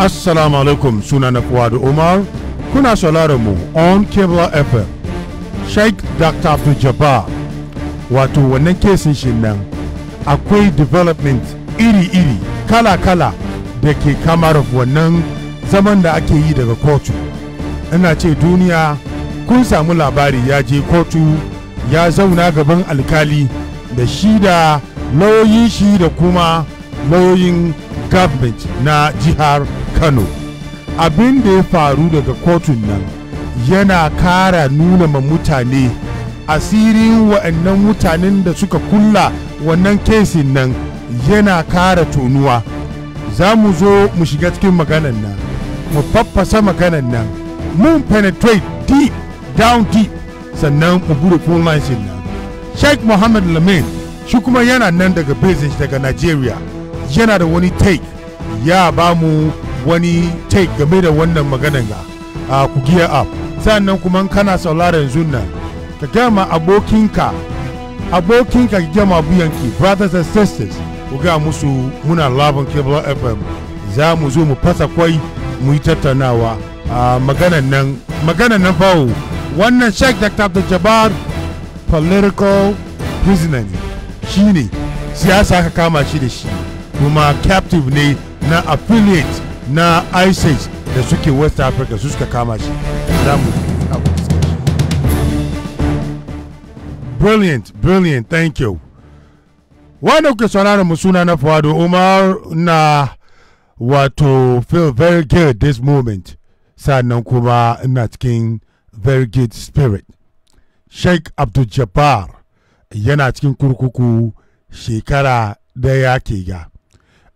Assalamu alaikum suna na Fuad Umar kuna sauraron mu on Kebla FM Sheikh Dr. Abdul wato wannan kesin shi nan akwai development iri-iri kala-kala da ke kamar wannan zaman da ake yi daga kotu ina ce duniya kun samu labari ya je kotu ya zauna gaban alkali da shi da lauyoyin shi da kuma lauyoyin government na jihar kano abin da ya faru daga kotun nan yana kara nuna ma mutane asirin wa'annan mutanen da suka kulla wannan kesin nan yana kara tonuwa za mu zo mu shiga cikin maganan nan mu faffasa maganan nan mun penetrate deep down deep sannan mu bude fulmancin nan sheikh muhammad lamin shi kuma yana nan daga bezin daga nigeria yana da wani take ya ba mu wani take game da wannan maganan ga a ku gear up sannan kuma kana sauraron zunna ka gama abokinka abokinka ka gama buyanki brothers and sisters ku ga musu muna labin cable fm za mu zo mu fasa kwai mu yi tattaunawa a maganan nan maganan nan fawo wannan sheikh dr abdul jabbar political prisoner ne shi ne siyasa ka kama shi da shi kuma captive ne na affiliate na isis da suke west africa su suka kama shi za mu brilliant brilliant thank you wanda kuke sauraron mu suna na fado umar na wato feel very good this moment sannan kuma ina cikin very good spirit sheikh abdul jabbar yana cikin kurkuku shekara da ya ke ga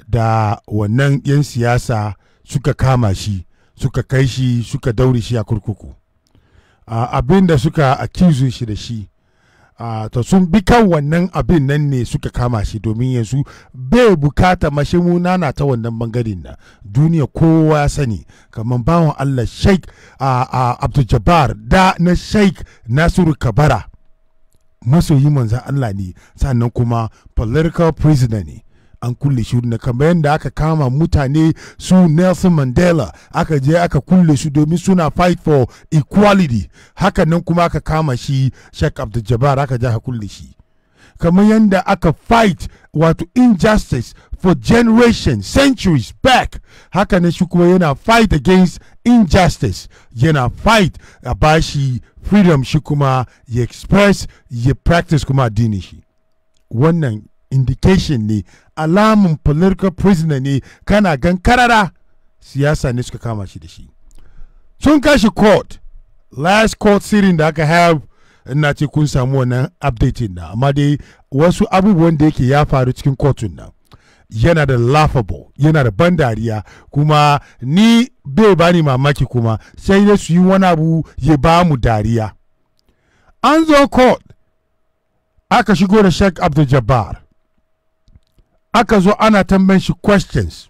da wannan 'yan siyasa suka kama shi suka kai shi suka daure shi a kurkuku abin da suka accuse shi da shi ta to sun bi kan wannan abin nan ne suka kama shi domin yanzu bai bukata mashi na ta wannan bangaren na duniya kowa sani kamar bawan allah sheik uh, da na sheik nasiru kabara masoyi manzan allah ne sannan kuma political prisoner ne an kulle shi na kamar yadda aka kama mutane su Nelson Mandela aka je aka kulle su domin suna fight for equality haka nan kuma aka kama shi Sheikh Abdul Jabbar aka je aka kulle shi kamar yadda aka fight wato injustice for generations centuries back haka nan shi kuma yana fight against injustice yana fight a bashi freedom shi kuma ya express ya practice kuma addini. shi wannan indication ne alamun political prisoner ne kana gan karara siyasa ne suka kama shi da shi sun kashi court last court sitting da aka have ina ce kun samu wannan updating na amma dai wasu abubuwan da yake ya faru cikin kotun nan yana da laughable yana da ban dariya kuma ni bai bani mamaki kuma sai dai su yi wani abu ya ba mu dariya an zo court aka shigo da sheikh abdul jabbar aka zo ana tambayin shi questions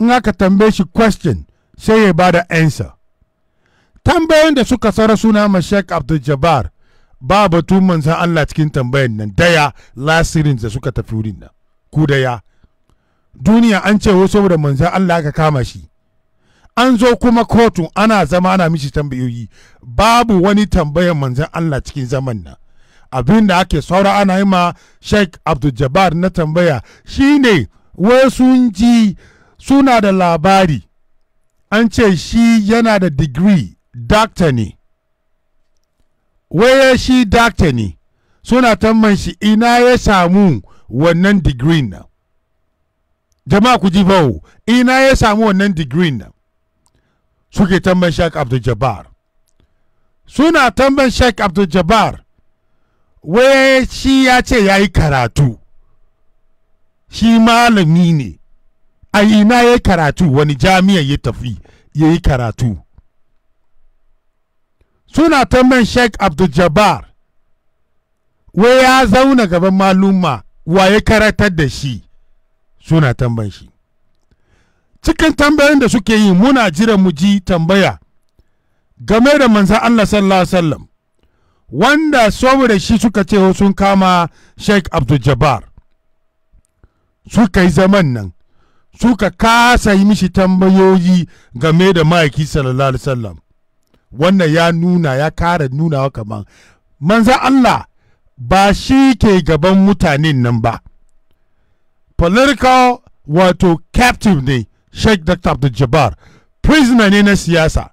in aka tambaye shi question sai ya ba da answer tambayoyin da suka tsara suna ma sheikh abdul jabbar ba batu manzan Allah cikin tambayan nan daya lasirin da suka tafi wurin nan ku daya duniya an ce wasu saboda manzan Allah ka kama shi an zo kuma kotun ana zama ana mishi tambayoyi babu wani tambayan manzan Allah cikin zaman nan abin da ake saura ana yi ma sheikh abdul na tambaya shine wai sun ji suna da labari an ce shi yana da digiri dakta ne waye shi dakta ne suna tamman shi ina ya samu wannan degree nan jama'a ku ji bau ina ya samu wannan degree nan suke tamban sheik abdul suna tamban sheik abdul wai shi ya ce ya yi karatu shi malami ne a ina ya yi karatu wani jami'a ya tafi ya yi karatu suna ta man sheik abdul-jabbar wai ya zauna gaban maluma wa ya karatar da shi suna tamban shi cikin tambayin da suke yi muna jiran mu ji tambaya game da manzan Allah sallallahu alaihi wasallam wanda saboda shi suka ce sun kama sheikh abdul-jabbar suka yi zaman nan suka kasa yi mishi tambayoyi game da ma'aiki sallallahu alaihi wasallam wannan ya nuna ya kara nunawa kaman manzan Allah ba shi ke gaban mutanen nan ba political wato captive ne sheikh dr abdul-jabbar prisoner ne na siyasa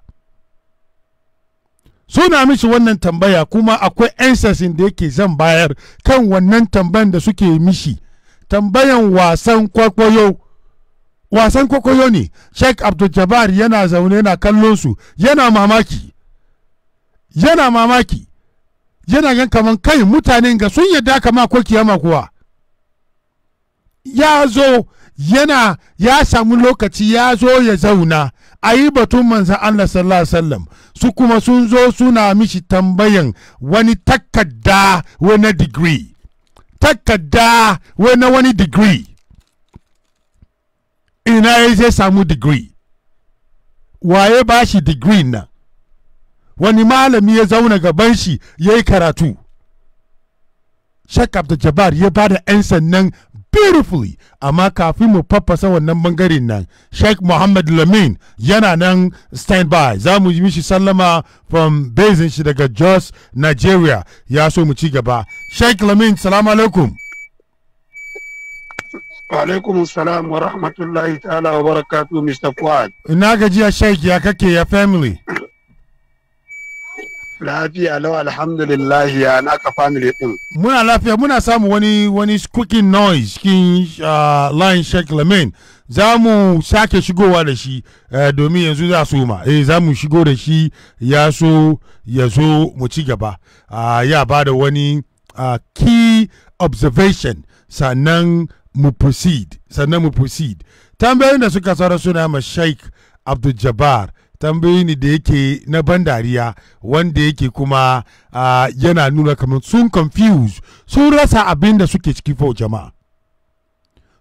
suna mishi wannan tambaya kuma akwai answersin da yake zan bayar kan wannan tambayan da suke mishi tambayan wasan kwakwayo wasan kwakwayo ne sheikh abdul yana zaune yana kallon su yana mamaki yana mamaki yana gan kaman kai mutanen ga sun yadda kama ko kiyama kuwa ya zo yana ya samu lokaci ya zo ya zauna a yi batun manzan Allah sallallahu alaihi wasallam su kuma sun zo suna mishi tambayan wani takarda wani digiri wani wani digiri ina ya zai samu digiri waye ba shi digiri na wani malami ya zauna gaban shi ya yi karatu shek jabar ya bada da 'yan sannan beautifully amma kafin mu faffasa wannan bangaren nan sheikh muhammad lamin yana nan standby za mu yi mishi sallama from basin shi daga jos nigeria ya so mu ci gaba sheikh lamin salamu alaikum alaikum salam wa rahmatullahi ta'ala wa barakatu mr fuad ina gajiya sheikh ya kake ya family Lafiya lau alhamdulillah ya naka family din. Muna lafiya muna samu wani wani cooking noise cikin uh, line Sheikh lemon Za mu sake shigowa da shi uh, domin yanzu za su ma. Eh za mu shigo da shi ya so ya zo mu ci gaba. Uh, ya ba da wani uh, key observation sannan mu proceed sannan mu proceed. Tambayoyin da suka tsara suna ma Sheikh Abdul Jabbar tambayi ne da yake na ban dariya wanda yake kuma uh, yana nuna kamar sun confuse sun rasa abin da suke ciki fa jama'a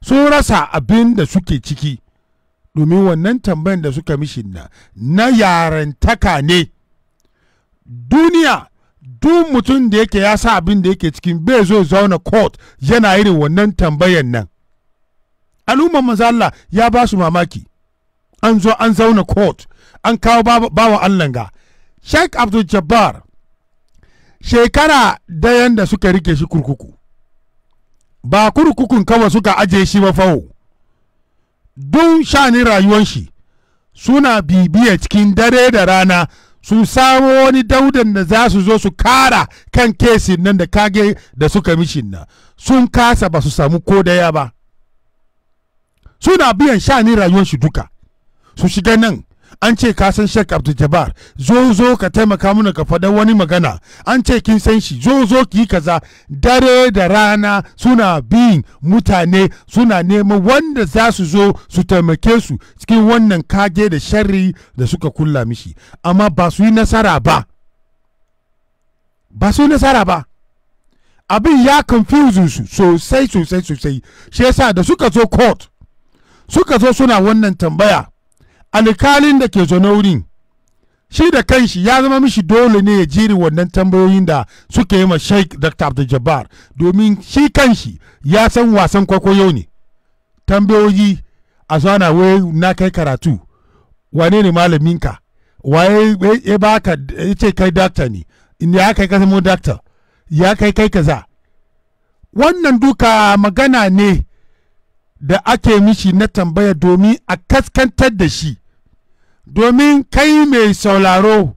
sun rasa abin da suke ciki domin wannan tambayan da suka mishi na na yarantaka ne duniya duk mutum da yake ya sa abin da yake cikin bai zo zauna court yana irin wannan tambayan nan al'ummar mazalla ya ba su mamaki an zo an zauna court an kawo bawan allah ga sheikh abdul jabbar shekara dayan da suka rike shi kurkuku ba kurkukun kawai suka aje shi ba fawo don shani rayuwan shi suna bibiya cikin dare da rana su samo wani daudan da za su zo su kara kan kesin nan da kage da suka mishin na sun kasa ba su samu ko daya ba suna biyan shani rayuwar shi duka su shiga nan an ce ka san Sheikh Abdul zo zo ka taimaka mana ka faɗa wani magana an ce kin san shi zo zo ki kaza dare da rana suna bin mutane suna neman wanda za su zo su taimake su cikin wannan kage da sharri da suka kulla mishi amma ba su yi nasara ba ba su yi nasara ba abin ya confuse su sosai sosai sosai shi yasa da suka zo court suka zo suna wannan tambaya alkalin da ke zaune wurin shi da kanshi ya zama mishi dole ne ya jiri wannan tambayoyin da suka yi ma sheik dr abdul domin shi kanshi ya san wasan kwakwayo ne tambayoyi a zana wai na kai karatu wane ne malaminka waye ya baka ya ce kai dakta ne ya kai ka zama dakta ya kai kai kaza wannan duka magana ne da ake mishi na tambaya domin a kaskantar da shi domin kai mai sauraro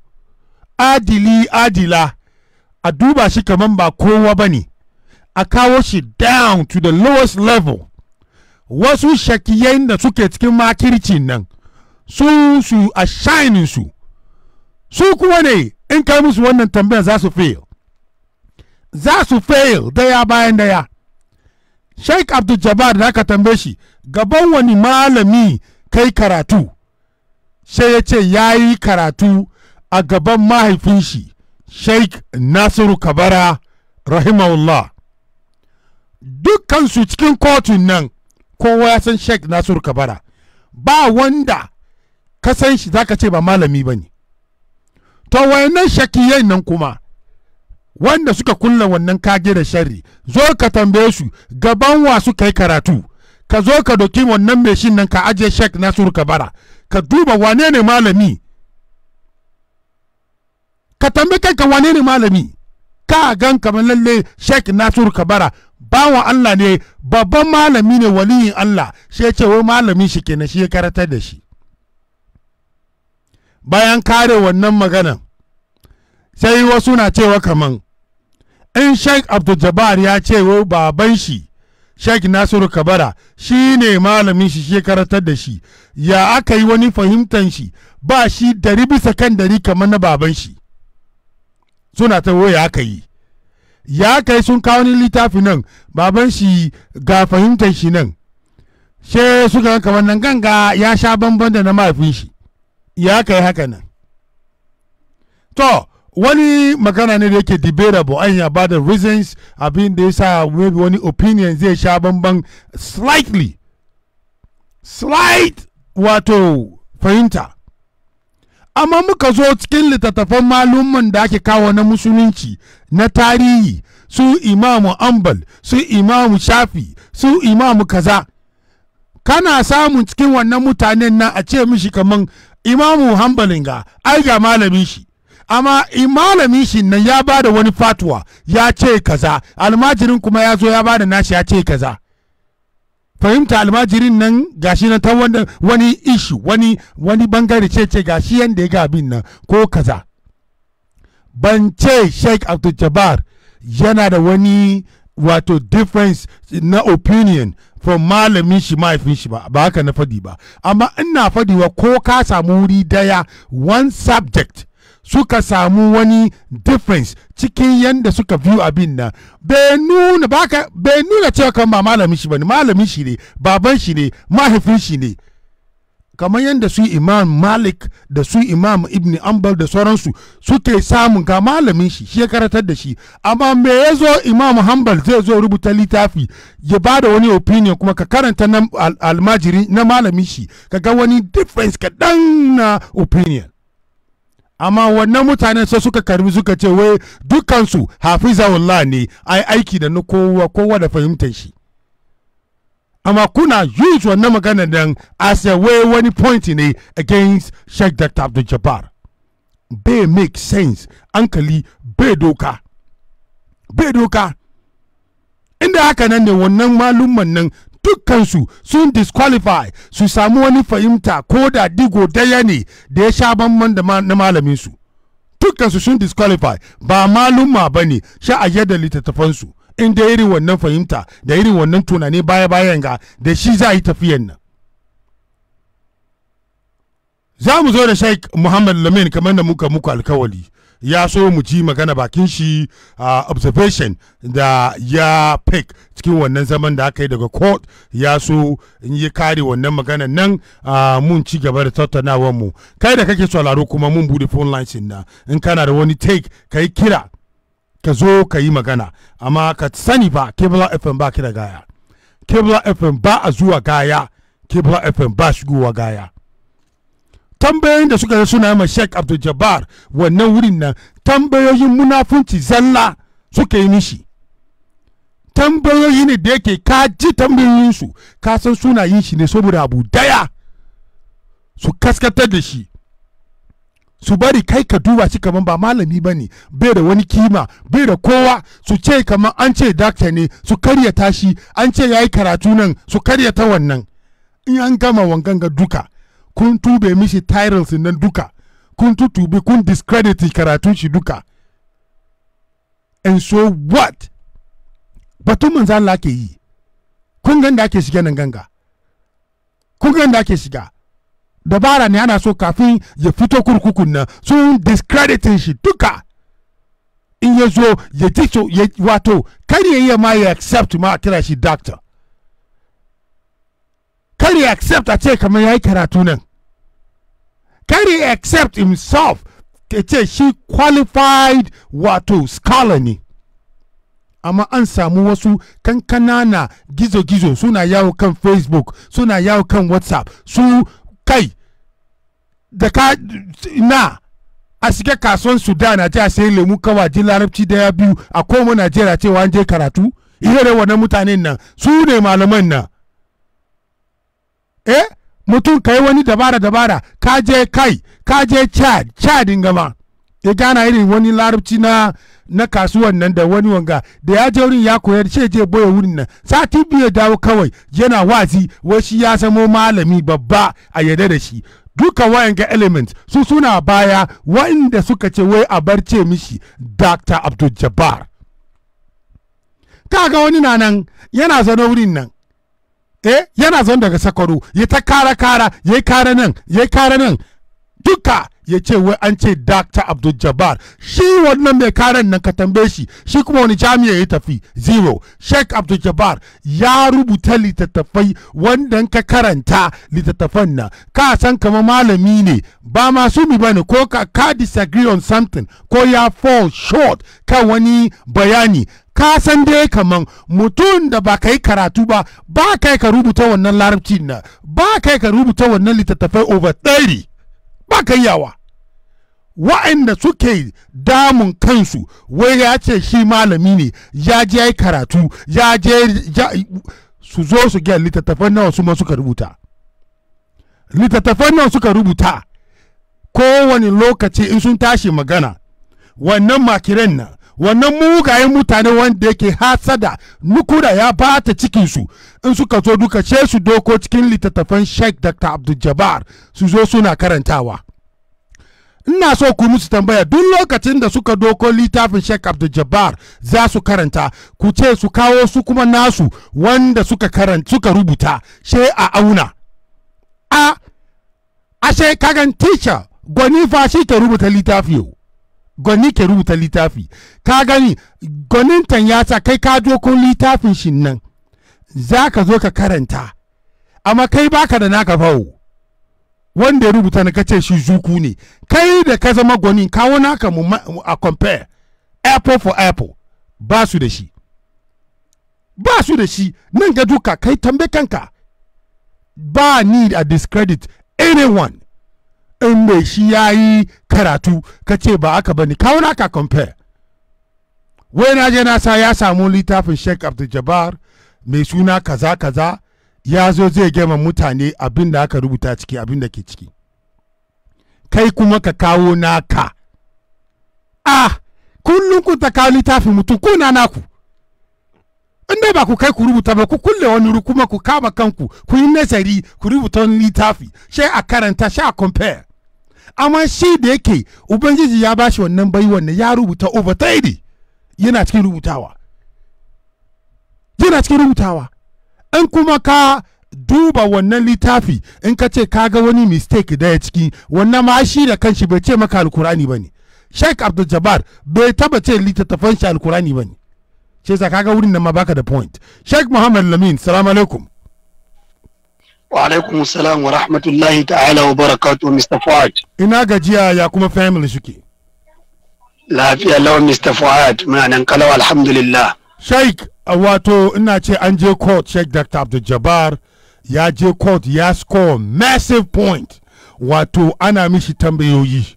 adili adila a duba shi kamar ba kowa ba ne a kawo shi down to the lowest level wasu shakiyayin da suke cikin makircin nan su su a su su kuwa ne in kai musu wannan tambayar za su fail za su fail daya bayan daya sheik abdul jabbar da aka tambaye shi gaban wani malami kai karatu sai ya ce ya yi karatu a gaban mahaifin shi sheikh nasiru kabara rahimahullah dukansu cikin kotun nan kowa ya san sheikh nasiru kabara ba wanda ka san shi zaka ce ba malami ba ne to wayannan shakiyai nan kuma wanda suka kulla wannan kage da sharri zo ka tambaye su gaban wa kai karatu ka zo ka doki wannan mai shin nan ka ajiye sheikh nasiru kabara ka duba wane ne malami ka tambi kanka wane ne malami ka gan kamar lalle sheik nasur kabara bawan allah ne babban malami ne waliyin allah shi ya ce wai malami shi kenan shi ya karatar da shi bayan kare wannan magana sai wasu na cewa kaman in sheik abdul ya ce wai baban shi Sheikh Nasiru Kabara shi ne malamin shi karatar da shi ya aka yi wani fahimtar shi ba shi dari bisa kan dari kamar na baban shi suna ta ya aka yi ya aka yi sun kawo ni littafi nan baban shi ga fahimtar shi nan she suka kamar nan ganga ya sha bamban da na mahaifin shi ya aka yi haka nan to wani magana ne da yake debatable an ya ba da reasons abin da ya sa maybe wani opinion zai sha bamban slightly slight wato fahimta amma muka zo cikin littattafan malumman da ake kawo na musulunci na tarihi su imamu ambal su imamu shafi su imamu kaza kana samun cikin wannan mutanen na a ce mishi kamar imamu hambalin ga ai ga malamin shi amma malamin shi nan ya ba da wani fatuwa ya ce kaza almajirin kuma ya zo ya ba da nashi ya ce kaza fahimta almajirin nan gashi na ta wani ishu wani bangare ce ce gashi yadda ya ga abin nan ko kaza ban ce sheikh abdul jabbar yana da wani wato difference na opinion from malamin shi mahaifin shi ba ba haka na fadi ba amma ina fadiwa ko ka samu wuri daya one subject suka samu wani difference cikin yadda suka biyu abin nan bai nuna nuna cewa kan ba malamin shi ne malamin shi ne baban shi ne mahaifin shi ne kamar yadda su imam malik da su imam ibn ambal da sauransu suke samun ga malamin shi shi ya karatar da shi amma me ya zo imam hanbal zai zo rubuta littafi ya ba da wani opinion kuma ka karanta na almajiri na malamin shi ka ga wani difference ka na opinion amma wannan mutanen sai suka karbi suka ce wai dukansu hafizahullah ne ai aiki da na kowa kowa da fahimtar shi amma kuna use wannan magana nan as a way wani point ne against Sheikh Dr. Abdul Jabbar bai make sense ankali bai doka bai doka inda haka nan ne wannan malumman nan dukkansu sun disqualify su samu wani fahimta ko da digo daya ne da ya sha banban na malaminsu dukkansu sun disqualify ba malumma ba ne a yadda littattafansu in da irin wannan fahimta da irin wannan tunani baya-bayan ga da shi za yi tafiyan nan za mu zo da sheik muhammad lamin kamar da muka muku alkawali ya so mu ji magana bakin shi uh, observation da ya pick cikin wannan zaman da aka yi daga court ya so in yi kare wannan magana nan uh, mun ci gaba da tattaunawar mu kai da kake sauraro kuma mun bude phone lines na in kana da wani take kai kira ka zo ka yi magana amma ka sani ba kebla fm ba kira gaya kebla fm ba a zuwa gaya kebla fm ba shigowa gaya tambayoyin da suka suna ma Sheikh Abdul Jabbar wannan wurin nan tambayoyin munafunci zalla suka yi mishi tambayoyi da yake ka ji tambayoyin su ka san suna yin shi ne saboda abu daya su kaskatar da shi su bari kai ka duba shi kaman ba malami ba ne bai da wani kima bai da kowa su ce kaman an ce dakta ne su karyata shi an ce ya yi karatu nan su karyata wannan in an gama wangan ga duka kun tube mishi titles nan duka kun tutube kun discredit karatun shi duka and so what batun manzo Allah ke yi kun ga da ake shiga nan ganga kun ga da ake shiga dabara ne ana so kafin ya fito kurkukun nan sun discredit shi duka in ya zo ya ji wato kar ya yi ma ya accept ma a kira shi doctor kar accept a ce kamar ya yi karatu nan kar accept himself ke ce shi qualified wato scholar ne amma an samu wasu kankanana gizo-gizo suna yawo kan facebook suna yawo kan whatsapp su kai da ka na a shiga kasuwan sudan a ji a sayi lemu jin larabci daya biyu a koma najeriya cewa an je karatu ire wannan mutanen nan su ne malaman nan eh mutum ka yi wani dabara dabara ka je kai ka je chad chadin gama ya gana irin wani larabci na na kasuwan nan da wani wanga da ya je wurin ya koyar ce je boye wurin nan sati biyu ya dawo kawai yana wazi wai shi ya samo malami babba a yadda da shi duka wayan ga element su suna baya wanda suka ce wai a barce mishi dr abdul jabbar kaga wani na nan yana zano wurin nan eh yana zon daga sakwaro ya ta kara kara ya yi kara nan ya yi kara nan duka ya ce wai an ce Dr. Abdul Jabbar shi wannan mai karan nan ka tambaye shi shi kuma wani jami'a ya tafi zero Sheikh Abdul Jabbar ya rubuta littattafai wanda ka karanta littattafan nan ka san kama malami ne ba masu mi bane ko ka disagree on something ko ya fall short kan wani bayani ka san dai kaman mutum da ba ka yi karatu ba ba kai ka rubuta wannan larabci na ba kai ka rubuta wannan littattafai over ɗari ba ka yawa wa'anda suke damun kansu wai ya ce shi malami ne ya je ya karatu ya je su zo su ga littattafan nawa su ma suka rubuta littattafan nawa suka rubuta kowane lokaci in sun tashi magana wannan makiren nan wannan mugayen mutane wanda yake hasada nukuda ya bata cikin su in suka zo duka ce su doko cikin littattafan sheik Dr. Abdul Jabbar su zo suna karantawa ina so ku musu tambaya duk lokacin da suka doko littafin sheik Abdul Jabbar za su karanta ku ce su kawo su kuma nasu wanda suka karanta suka rubuta she a auna a ashe kagan teacher gwani fashi ta rubuta littafi yau gwani ke rubuta littafi ka gani gwanintan ya sa kai ka kun littafin shi nan za ka zo ka karanta amma kai baka da naka fawo wanda ya rubuta na kace shi zuku ne kai da ka zama gwani kawo naka mu a compare apple for apple ba su da shi ba su da shi nan ga duka kai tambe kanka ba ni a discredit anyone in bai shi ya yi karatu ka ce ba aka bane kawo ka compare wai na je na sa ya samu littafin sheik abdul mai suna kaza kaza ya zo zai gama mutane abin da aka rubuta ciki abin da ke ciki kai kuma ka kawo naka ah kullum ku ta kawo littafin mutum ko na naku inda ba ku kai ku rubuta ba ku kulle wani ru kuma ku kama kanku ku yi nazari ku rubuta wani littafi sai a karanta sai a compare amma shi da yake ubangiji ya ba shi wannan baiwan ne ya rubuta over tidy yana cikin rubutawa yana cikin rubutawa in kuma ka duba wannan littafi in ka ce ka ga wani mistake daya ciki wannan ma shi da kanshi bai ce maka alkurani ba ne sheik abdul jabbar bai taba ce littattafan shi alkurani ba ne shi sa ga wurin nan ma baka da point sheik muhammad lamin salamu alaikum Wa salam wa rahmatullahi ta'ala wa barakatu Mr. Fuad. Ina gajiya ya kuma family suke. Lafiya lawa Mr. Fuad muna nan kalau alhamdulillah. Sheikh wato ina ce an je court Sheikh Dr. Abdul Jabbar ya je court ya score massive point wato ana mishi tambayoyi.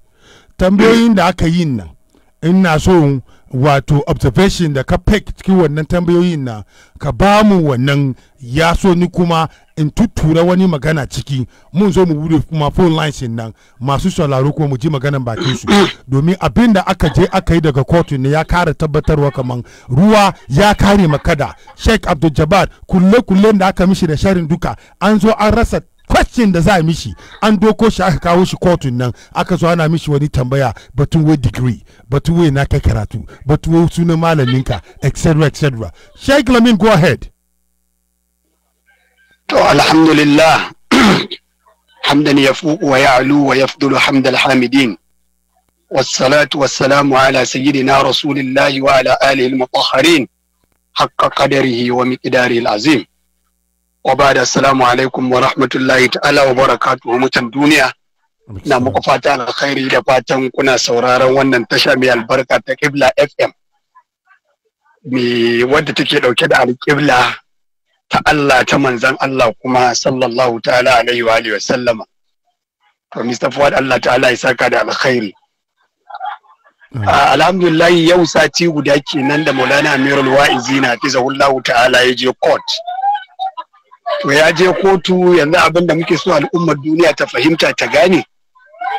Tambayoyin da aka yi nan ina so wato observation da ka fake cikin wannan tambayoyin na ka ba mu wannan ya so ni kuma in tuttura wani magana ciki mun zo mu bude kuma phone lines nan masu sauraro kuma mu ji maganan bakin su domin abin da aka je aka yi daga kotu ne ya kare tabbatarwa kaman ruwa ya kare makada sheikh abdul jabbar kulle kulle da aka mishi da sharin duka an zo an rasa question da za a mishi an doko shi aka kawo shi kotun nan aka zo ana mishi wani tambaya batun wai degree batun wai na kai karatu batun wai sunan malaminka etc etc sheik lamin go ahead to alhamdulillah hamdan ya fuku wa ya'lu wa yafdulu hamdal hamidin wassalatu wassalamu ala sayyidina rasulillahi wa ala alihi al-mutahharin haqqa qadarihi wa miqdarihi al-azim wa da salamu alaikum wa rahmatullahi ta'ala wa barakatu wa mutan duniya na muku fata alkhairi da fatan kuna sauraron wannan tasha mai albarka ta Kibla FM me wadda take dauke da alƙibla ta Allah ta manzan Allah kuma sallallahu ta'ala alaihi wa alihi wa sallama to Mr. Fuad Allah ta'ala ya saka da alkhairi ah, alhamdulillah yau sati guda kenan da Maulana Amirul Wa'izi na fizahullahu ta'ala ya je court to ya je kotu yanzu abin da muke so al'ummar duniya ta fahimta ta gane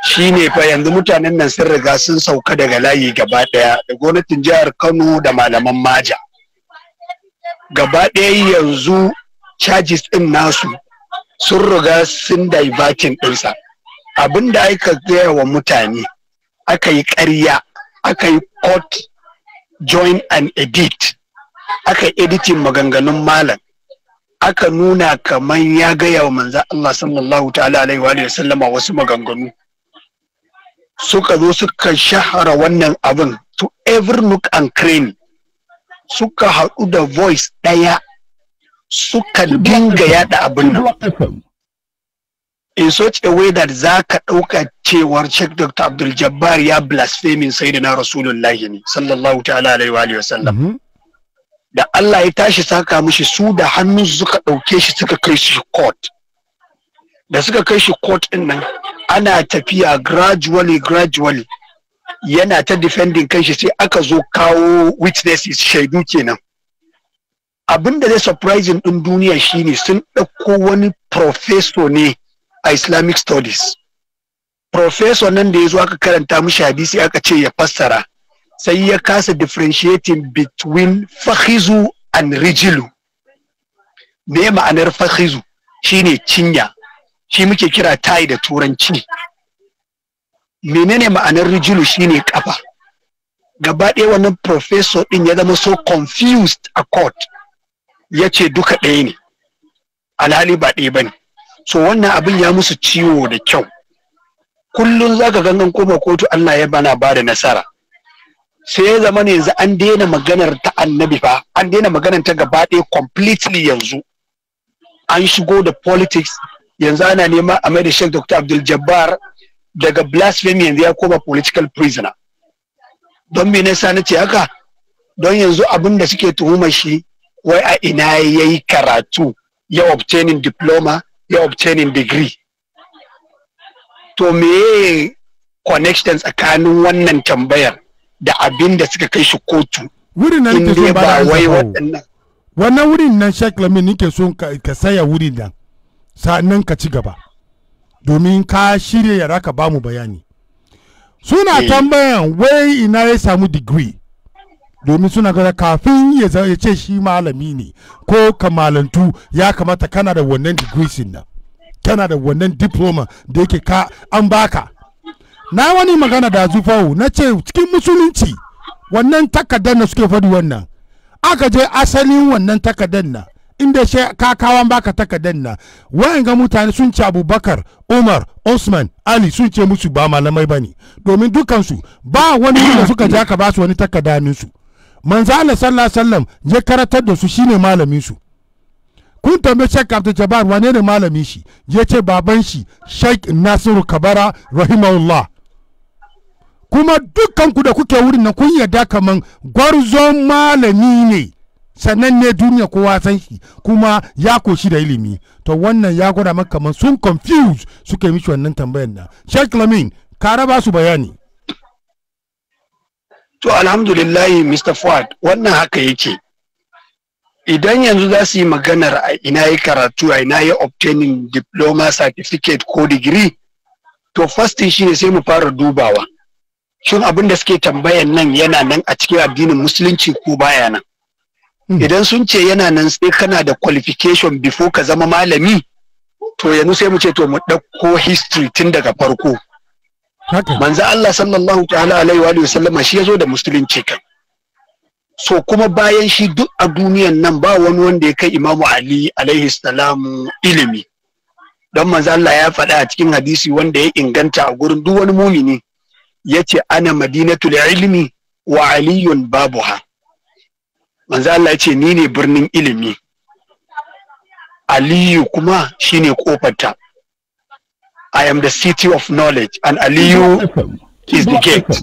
shine fa yanzu mutanen nan sun riga sun sauka daga layi gaba daya da gwamnatin jihar Kano da malaman Maja gaba daya yanzu charges din nasu sun riga sun diverting ɗinsa abin da aka gaya wa mutane aka yi ƙarya aka yi court join and edit aka editin maganganun malam aka nuna kamar ya gaya wa manzo Allah sallallahu ta'ala alaihi wa sallama wasu maganganu suka zo suka shahara wannan abin to every nook and cranny suka haɗu da voice ɗaya suka dinga yaɗa abin nan in such a way that za ka ɗauka cewar Sheikh Dr. Abdul Jabbar ya blaspheming Sayyidina Rasulullah ne sallallahu ta'ala alaihi wa sallam mhm. da Allah ya tashi saka mushi su da hannun suka ɗauke shi suka kai shi court da suka kai shi court ɗin nan ana tafiya gradually gradually yana ta defending shi sai aka zo kawo witnesses shaidu kenan abin da zai surprising ɗin duniya shine sun ɗauko wani professor ne a islamic studies professor nan da ya zo aka karanta mushi hadisi aka ce ya fassara sai ya kasa differentiating between fahizu and rijilu me ma'anar fahizu shine cinya shi muke kira tai da turanci menene ma'anar rijilu shine kafa gaba ɗaya wannan professor ɗin ya zama so confused a court ya ce duka ɗaya ne alhali ba ɗaya bane ne so wannan abin ya musu ciwo da kyau kullum za ka gangan koma kotu Allah ya bana ba da nasara sai ya zama yanzu an daina maganar ta annabi fa an daina maganar ta gaba ɗaya completely yanzu an shigo da politics yanzu ana nema a maida shek dr abdul jabbar daga blasphemy yanzu ya koma political prisoner don me nasa na ce haka don yanzu abin da suke tuhumar shi wai a ina ya yi karatu ya obtaining diploma ya obtaining degree to me connection tsakanin wannan tambayar da abin da suka kai shi kotu wurin nan ke son bada wai waɗannan wannan wurin nan Sheikh Lamin nake son ka saya wurin nan sa'annan ka ci gaba domin ka shirya yara ka bamu bayani suna eh. tambayan wai ina ya samu digiri domin suna gaza kafin ya ce shi malami ne ko kamalantu ya kamata kana da wannan degrees nan kana da wannan diploma da yake ka an baka na wani magana da zufawo na ce cikin musulunci wannan takardar na suke faɗi wannan aka je asalin wannan takardar na inda shi kakawan baka takardar na wayan ga mutane sun ce abubakar umar osman ali sun ce musu ba malamai bane domin dukansu ba wani da suka je aka ba su wani takardanin su manzo Allah ya karatar da su shine malamin su kun tambaye shek Abdul Jabbar wane ne malamin shi ya ce baban shi sheik Nasiru Kabara rahimahullah kuma dukanku da kuke wurin nan kun yarda kaman gwarzon malami ne sannan ne duniya kowa san shi kuma ya koshi da ilimi to wannan ya gwada maka kaman sun confuse suke mishi wannan tambayar nan Sheikh Lamin ka raba su bayani to alhamdulillahi Mr. Fuad wannan haka yake idan yanzu za su yi maganar a ina yi karatu a ina yi obtaining diploma certificate ko degree to thing shine sai mu fara dubawa shin abin da suke tambayan nan yana nan a cikin addinin musulunci ko baya nan hmm. idan sun ce yana nan sai kana da qualification before ka zama malami to yanzu sai mu ce to mu ɗauko history tun daga farko manzo Allah sallallahu ta'ala alaihi wa sallama shi yazo da musulunci kan so kuma bayan shi duk a duniyan nan ba wani wanda ya kai imamu ali alaihi salam ilimi don manzo Allah ya faɗa a cikin hadisi wanda ya inganta a gurin duk wani mumini Ya ce ana madinatul ilimi wa aliyun babu Ha? manzo Allah ce ni ne birnin ilimi aliyu kuma shine kofarta i am the city of knowledge and aliyu is the gate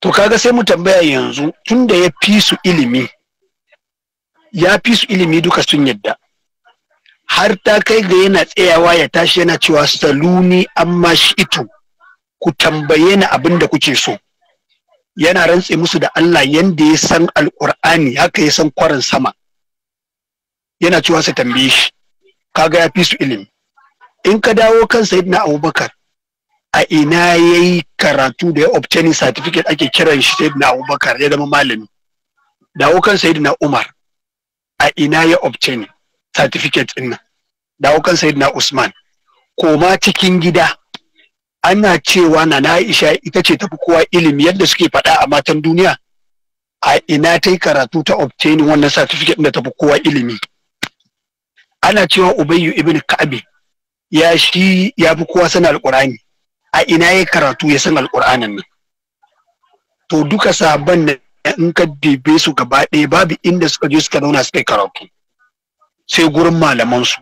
to kaga sai mu tambaya yanzu tunda ya fi su ilimi ya fi su ilimi duka sun yadda har ta kai ga yana tsayawa ya tashi yana cewa saluni amma shi ito. ku tambaye ni abin da kuke so yana rantse musu da Allah yanda ya san alkur'ani haka ya san kwarin sama yana cewa su tambaye shi kaga ya fi su ilimi in ka dawo kan sayyidina abubakar a ina yayi karatu da ya obtaining certificate ake kiran shi sayyidina abubakar ya zama malami dawo kan sayyidina umar a ina ya obtaining certificate din nan dawo kan sayyidina usman koma cikin gida ana cewa na Aisha ita ce tafi kowa ilimi yadda suke faɗa a matan duniya a ina ta yi karatu ta obtain wannan certificate da tafi kowa ilimi ana cewa Ubayyu ibn Ka'bi ya shi ya fi kowa sana alƙur'ani a ina ya karatu ya san alƙur'anin nan to duka sabon na in ka dibe su gaba ɗaya babu inda suka je suka zauna suka yi karatu sai gurin malamansu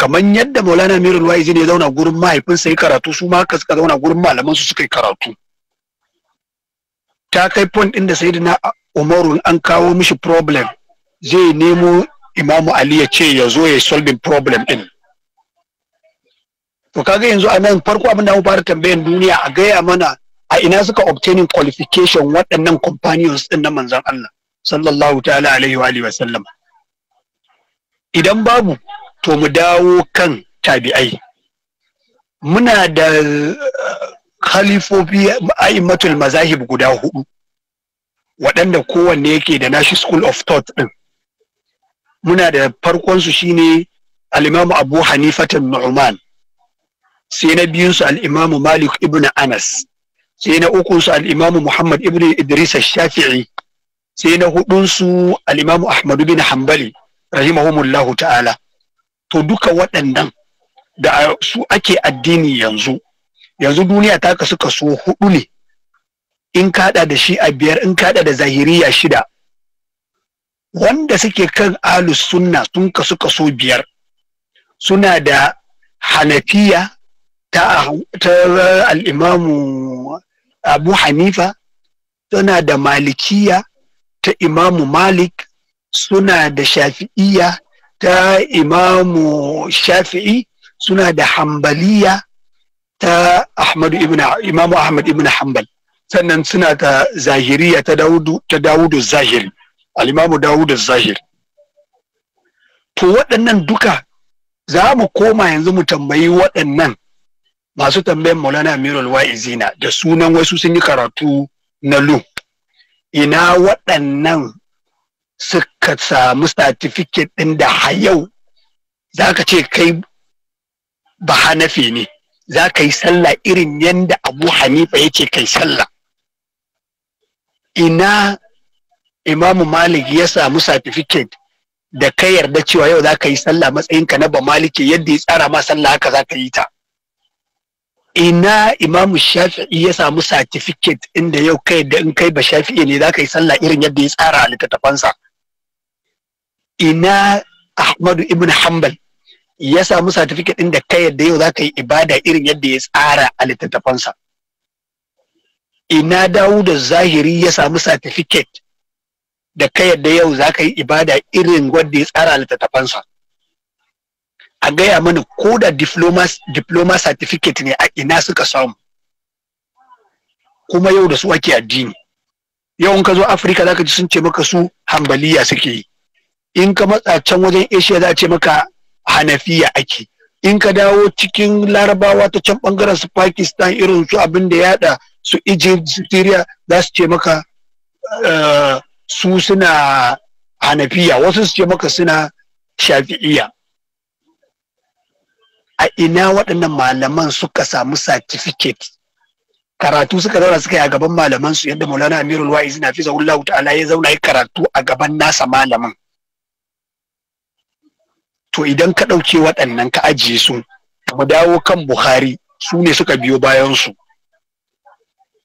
kamar yadda Maulana Mirul Waizi ne ya zauna gurin mahaifinsa ya karatu su ma haka suka zauna gurin malaman su suka yi karatu ta kai point din da sayyidina Umaru an kawo mishi problem zai nemo Imamu Ali ya ce ya zo ya solving problem ɗin. to kaga yanzu a nan farko abin da mu fara tambayan duniya a gaya mana a ina suka obtaining qualification waɗannan companions ɗin na manzon Allah sallallahu ta'ala alaihi wa sallam idan babu to mu dawo kan tabi'ai muna da uh, khalifofi a'immatul mazahib guda hudu waɗanda kowanne yake da nashi school of thought ɗin muna da farkonsu shine al'imamu abu hanifatan nu'man sai na biyunsu al'imamu malik ibn anas sai na ukunsu al'imamu muhammad ibn idris shafi'i sai na hudunsu al'imamu ahmadu bin hambali rahimahumullahu ta'ala to duka waɗannan da su ake addini yanzu yanzu duniya ta kasu kaso hudu ne in kada da shi a biyar in kada da zahiriya shida wanda suke kan alus sunna sun kasu kaso biyar suna da hanafiya ta, ta al'imamu abu hanifa suna da malikiya ta imamu malik suna da shafi'iya ta imamu shafi'i suna da hambaliya ta ahmadu ibn imamu ahmad ibn hanbal sannan suna ta zahiriya ta dawudu ta dawudu zahiri al dawudu zahiri to waɗannan duka za mu koma yanzu mu tambayi waɗannan masu tambayan maulana mirul wa'izina da sunan wasu sun yi karatu na lu ina waɗannan suka samu satifiket ɗin da hayau yau za ka ce kai ba hanafi ne za ka yi sallah irin yadda abu hanifa ya ce kai sallah ina imamu malik ya samu satifiket da ka yarda cewa yau za ka yi sallah matsayinka na ba maliki yadda ya tsara ma sallah haka za ka yi ta ina imamu shafi'i ya samu satifiket inda yau kai da in kai ba shafi'i ne za ka yi sallah irin yadda ya tsara a littattafansa ina Ahmadu ibn Hanbal ya samu satifiket ɗin da kai yadda yau za ka yi ibada irin yadda ya tsara a littattafansa. Ina dawo zahiri ya samu satifiket da kai yadda yau za ka yi ibada irin wadda ya tsara a littattafansa. A gaya mana ko da diploma satifiket ne a ina suka samu. Kuma yau da su ake addini. Yau in ka zo Afirka za ka ji sun ce maka su hambaliya suke yi. in ka matsa can wajen Asia za a ce maka Hanafiya ake in ka dawo cikin Larabawa ta can bangaren su Pakistan irin su abin da yada su Egypt su Syria za su ce maka eh, su suna Hanafiya wasu su ce maka suna Shafi'iya a ina waɗannan malaman suka samu certificate karatu suka zauna suka yi a gaban malaman su yadda Maulana Amirul Wa'iz na fi zaun ta'ala ya zauna yi karatu a gaban nasa malamin to idan ka ɗauke waɗannan ka ajiye su mu dawo kan Buhari su ne suka biyo bayan su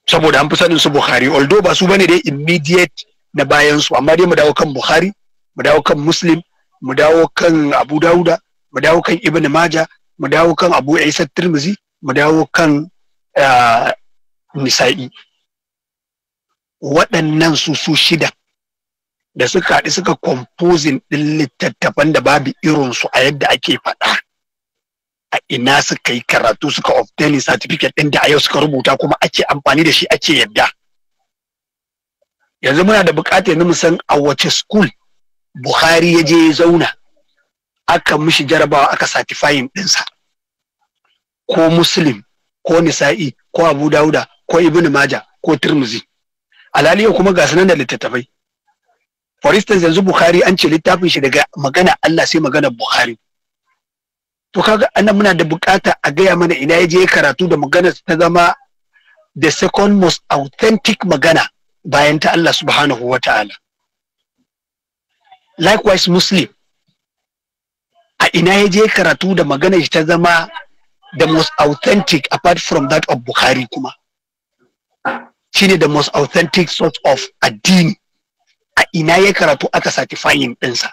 saboda an fi sanin su buhari although ba su bane dai immediate na bayan su amma dai mu dawo kan Buhari, mu dawo kan Muslim mu dawo kan Abu Dawuda mu dawo kan Ibn Maja mu dawo kan Abu Isa Tirmizi mu dawo kan ah, Nisa'i waɗannan su su shida da suka haɗu suka composing ɗin littattafan da babu irinsu a yadda ake faɗa a ina suka yi karatu suka obtaining certificate ɗin da a yau suka rubuta kuma ake amfani da shi ake yadda yanzu muna da buƙatar na san a wace school Buhari ya je ya zauna aka mishi jarabawa aka certifying ɗinsa ko Muslim ko Nisa'i ko Abu Dauda ko Ibn maja ko turmuzi alhali kuma ga sanan da littattafai for instance yanzu Bukhari an ce littafin shi daga magana Allah sai magana Bukhari to kaga anan muna da bukata a gaya mana ina ya karatu da magana ta zama the second most authentic magana bayan ta Allah subhanahu wa ta'ala likewise muslim a ina ya je karatu da magana shi ta zama the most authentic apart from that of Bukhari kuma shine the most authentic sort of addini a ina ya karatu aka sati satifayin ɗinsa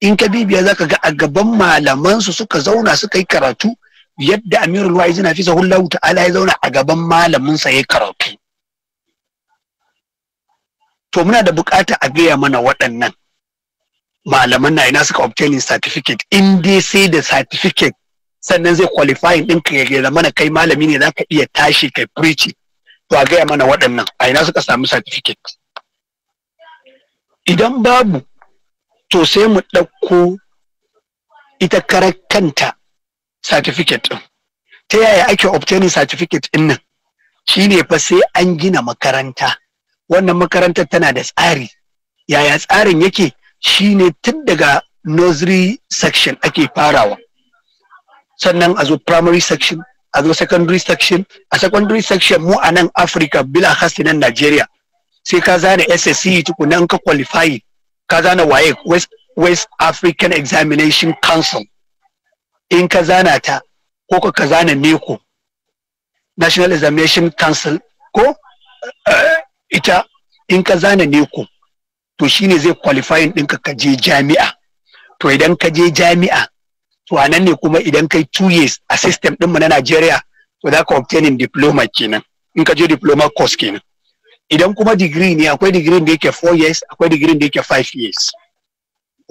in ka bibiya zaka ga a gaban malamansu suka zauna suka yi karatu yadda amirul wa'izi na fisa hullahu ta'ala ya zauna a gaban malamin sa ya karatu to muna da bukata a gaya mana waɗannan malaman na ina suka obtaining certificate in dai sai da certificate sannan zai kwalifayin ɗinka ya zama mana kai malami ne zaka iya tashi kai preaching to a gaya mana waɗannan a ina suka samu certificate idan babu to sai mu ɗauko ita karar kanta certificate ɗin ta yaya ake obtaining certificate ɗin nan shine fa sai an gina makaranta wannan makarantar tana da tsari yaya tsarin yake shine tun daga nursery section ake farawa sannan a zo primary section a zo secondary section a secondary section mu a nan afirka bila hasi nan najeriya sai ka zana SSC tukunan ka qualify ka zana waye West, African Examination Council in ka zana ta ko ka zana NECO National Examination Council ko eh, ita in ka zana NECO to shine zai qualify ɗinka ka je jami'a to idan ka je jami'a to a nan ne kuma idan kai two years a system ɗinmu na Najeriya to za ka obtaining diploma kenan in ka je diploma course kenan idan kuma digiri ne akwai digiri da yake 4 years akwai digiri da yake 5 years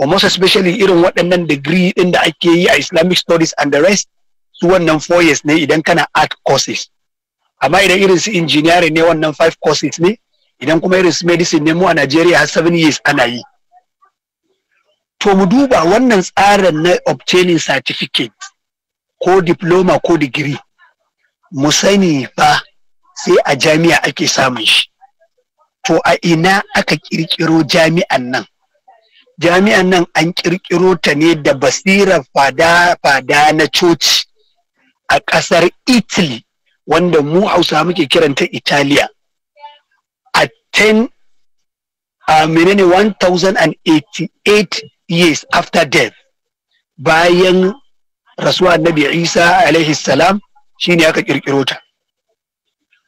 almost especially irin waɗannan degree ɗin da ake yi a islamic studies and the rest su wannan 4 years ne idan kana art courses amma idan irin su engineering ne wannan 5 courses ne idan kuma irin su medicine ne mu a Najeriya har 7 years ana yi to mu duba wannan tsarin na obtaining certificate ko diploma ko degree mu sani ba sai a jami'a ake samun shi to a ina aka kirkiro jami'an nan jami'an nan an kirkiro ta ne da basirar fada-fada na coci a ƙasar italy wanda mu hausa muke kiranta italiya a 10 a menene 1088 years after death bayan rasuwa Nabi isa alaihi salam shine aka kirkiro ta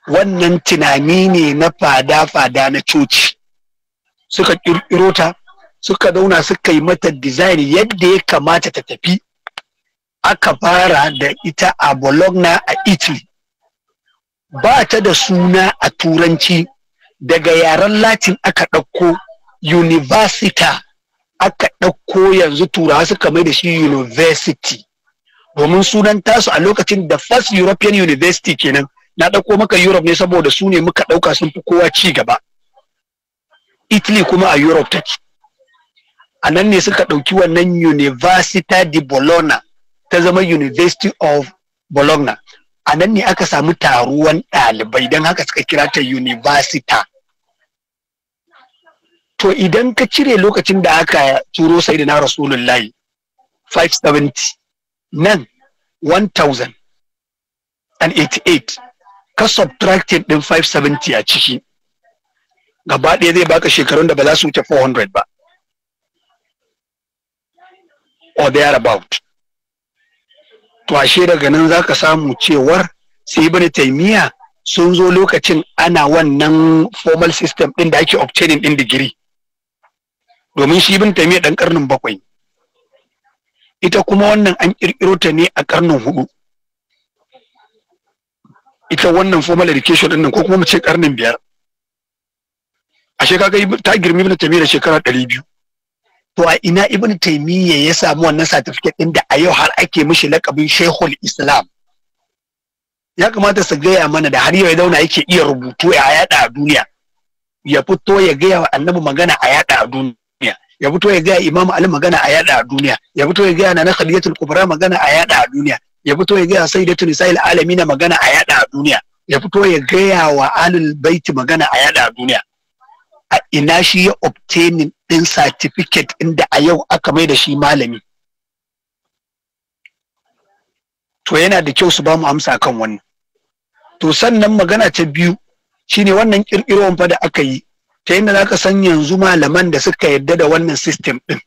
wannan tunani ne na fada-fada na coci suka ƙirƙiro ta suka zauna suka yi mata design yadda ya kamata ta tafi aka fara da ita a bologna a italy ba ta da suna a turanci daga yaren latin aka ɗauko universita aka ɗauko yanzu turawa suka mai da shi university domin sunan tasu a lokacin da first european university kenan na ɗauko maka Europe ne saboda su ne muka ɗauka sun fi kowa ci gaba Italy kuma a Europe take a nan ne suka ɗauki wannan Università di Bologna ta zama University of Bologna a nan ne aka samu taruwan ɗalibai don haka suka kira ta Università to idan ka cire lokacin da aka turo sai na rasulullahi 570 nan 1088 ka ɗin din 570 a ciki gaba ɗaya zai baka shekarun da ba za su wuce 400 ba or there about to ashe daga nan za ka samu cewar sai ibn taimiyya sun zo lokacin ana wannan formal system ɗin da ake obtaining ɗin digiri domin shi ibn taimiya ɗan ƙarnin bakwai ita kuma wannan an ƙirƙiro ta ne a karnin hudu ita wannan formal education ɗin nan ko kuma mu ce karnin biyar ashe kaga ta girmi ibn taimiyya da shekara ɗari biyu to a ina ibn taimiyya ya samu wannan certificate ɗin da a yau har ake mishi laƙabin shehul islam ya kamata su gaya mana da har yau ya zauna yake iya rubutu ya yaɗa a duniya ya fito ya gaya wa annabi magana a yaɗa a duniya ya fito ya gaya imamu ali magana a yada a duniya ya fito ya gaya na khaliyatul kubra magana a yada a duniya ya fito ya gaya sai da tunisa'il al'alami na magana a yada a duniya ya fito ya gaya wa alul baiti magana a yada a duniya a ina shi ya obtaining din certificate inda a yau aka mai da shi malami to yana da kyau su ba mu amsa kan wannan to sannan magana ta biyu shine wannan kirkirowan fa da aka yi ta yadda za ka san yanzu malaman da suka yarda da wannan system din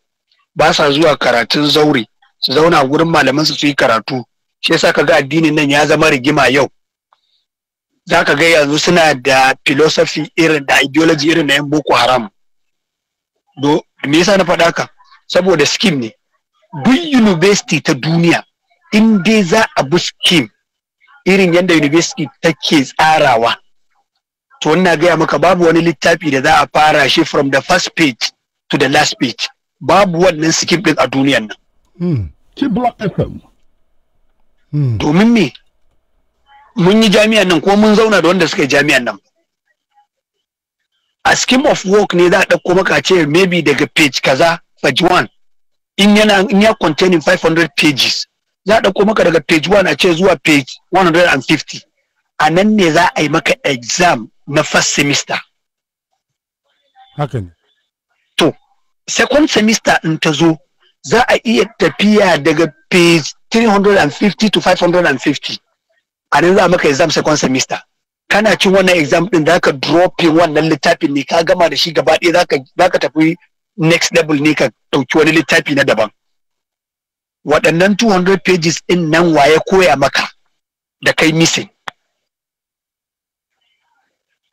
ba sa zuwa karatun zaure su zauna wurin malaman su yi karatu shi yasa ga addinin nan ya zama rigima yau za ka ga yanzu suna da filosofi irin da ideology irin na yan boko haram do me yasa na faɗa ka saboda skim ne duk university ta duniya in dai za a bi skim irin yadda university take tsarawa to ina gaya maka babu wani littafi da za a fara shi from the first page to the last page babu wannan skim din a duniyan nan. Ki hmm. block FM Hmm. domin me mun yi jami'an nan ko mun zauna da wanda suka yi jami'an nan a scheme of work ne za a ɗauko maka ce maybe daga page kaza page 1 in yana in ya containing 500 pages za a ɗauko maka daga page 1 a ce zuwa page 150 a nan ne za a yi maka exam na first semester Hakan. to second semester in ta zo za a iya tafiya daga and fifty to fifty, a nan za maka exam second semester kana cin wannan exam din za ka dropping wannan littafin ne ka gama da shi gaba ɗaya za ka tafi next level ne ka ɗauki wani littafi na daban waɗannan 200 pages ɗin nan waye koya maka da kai missing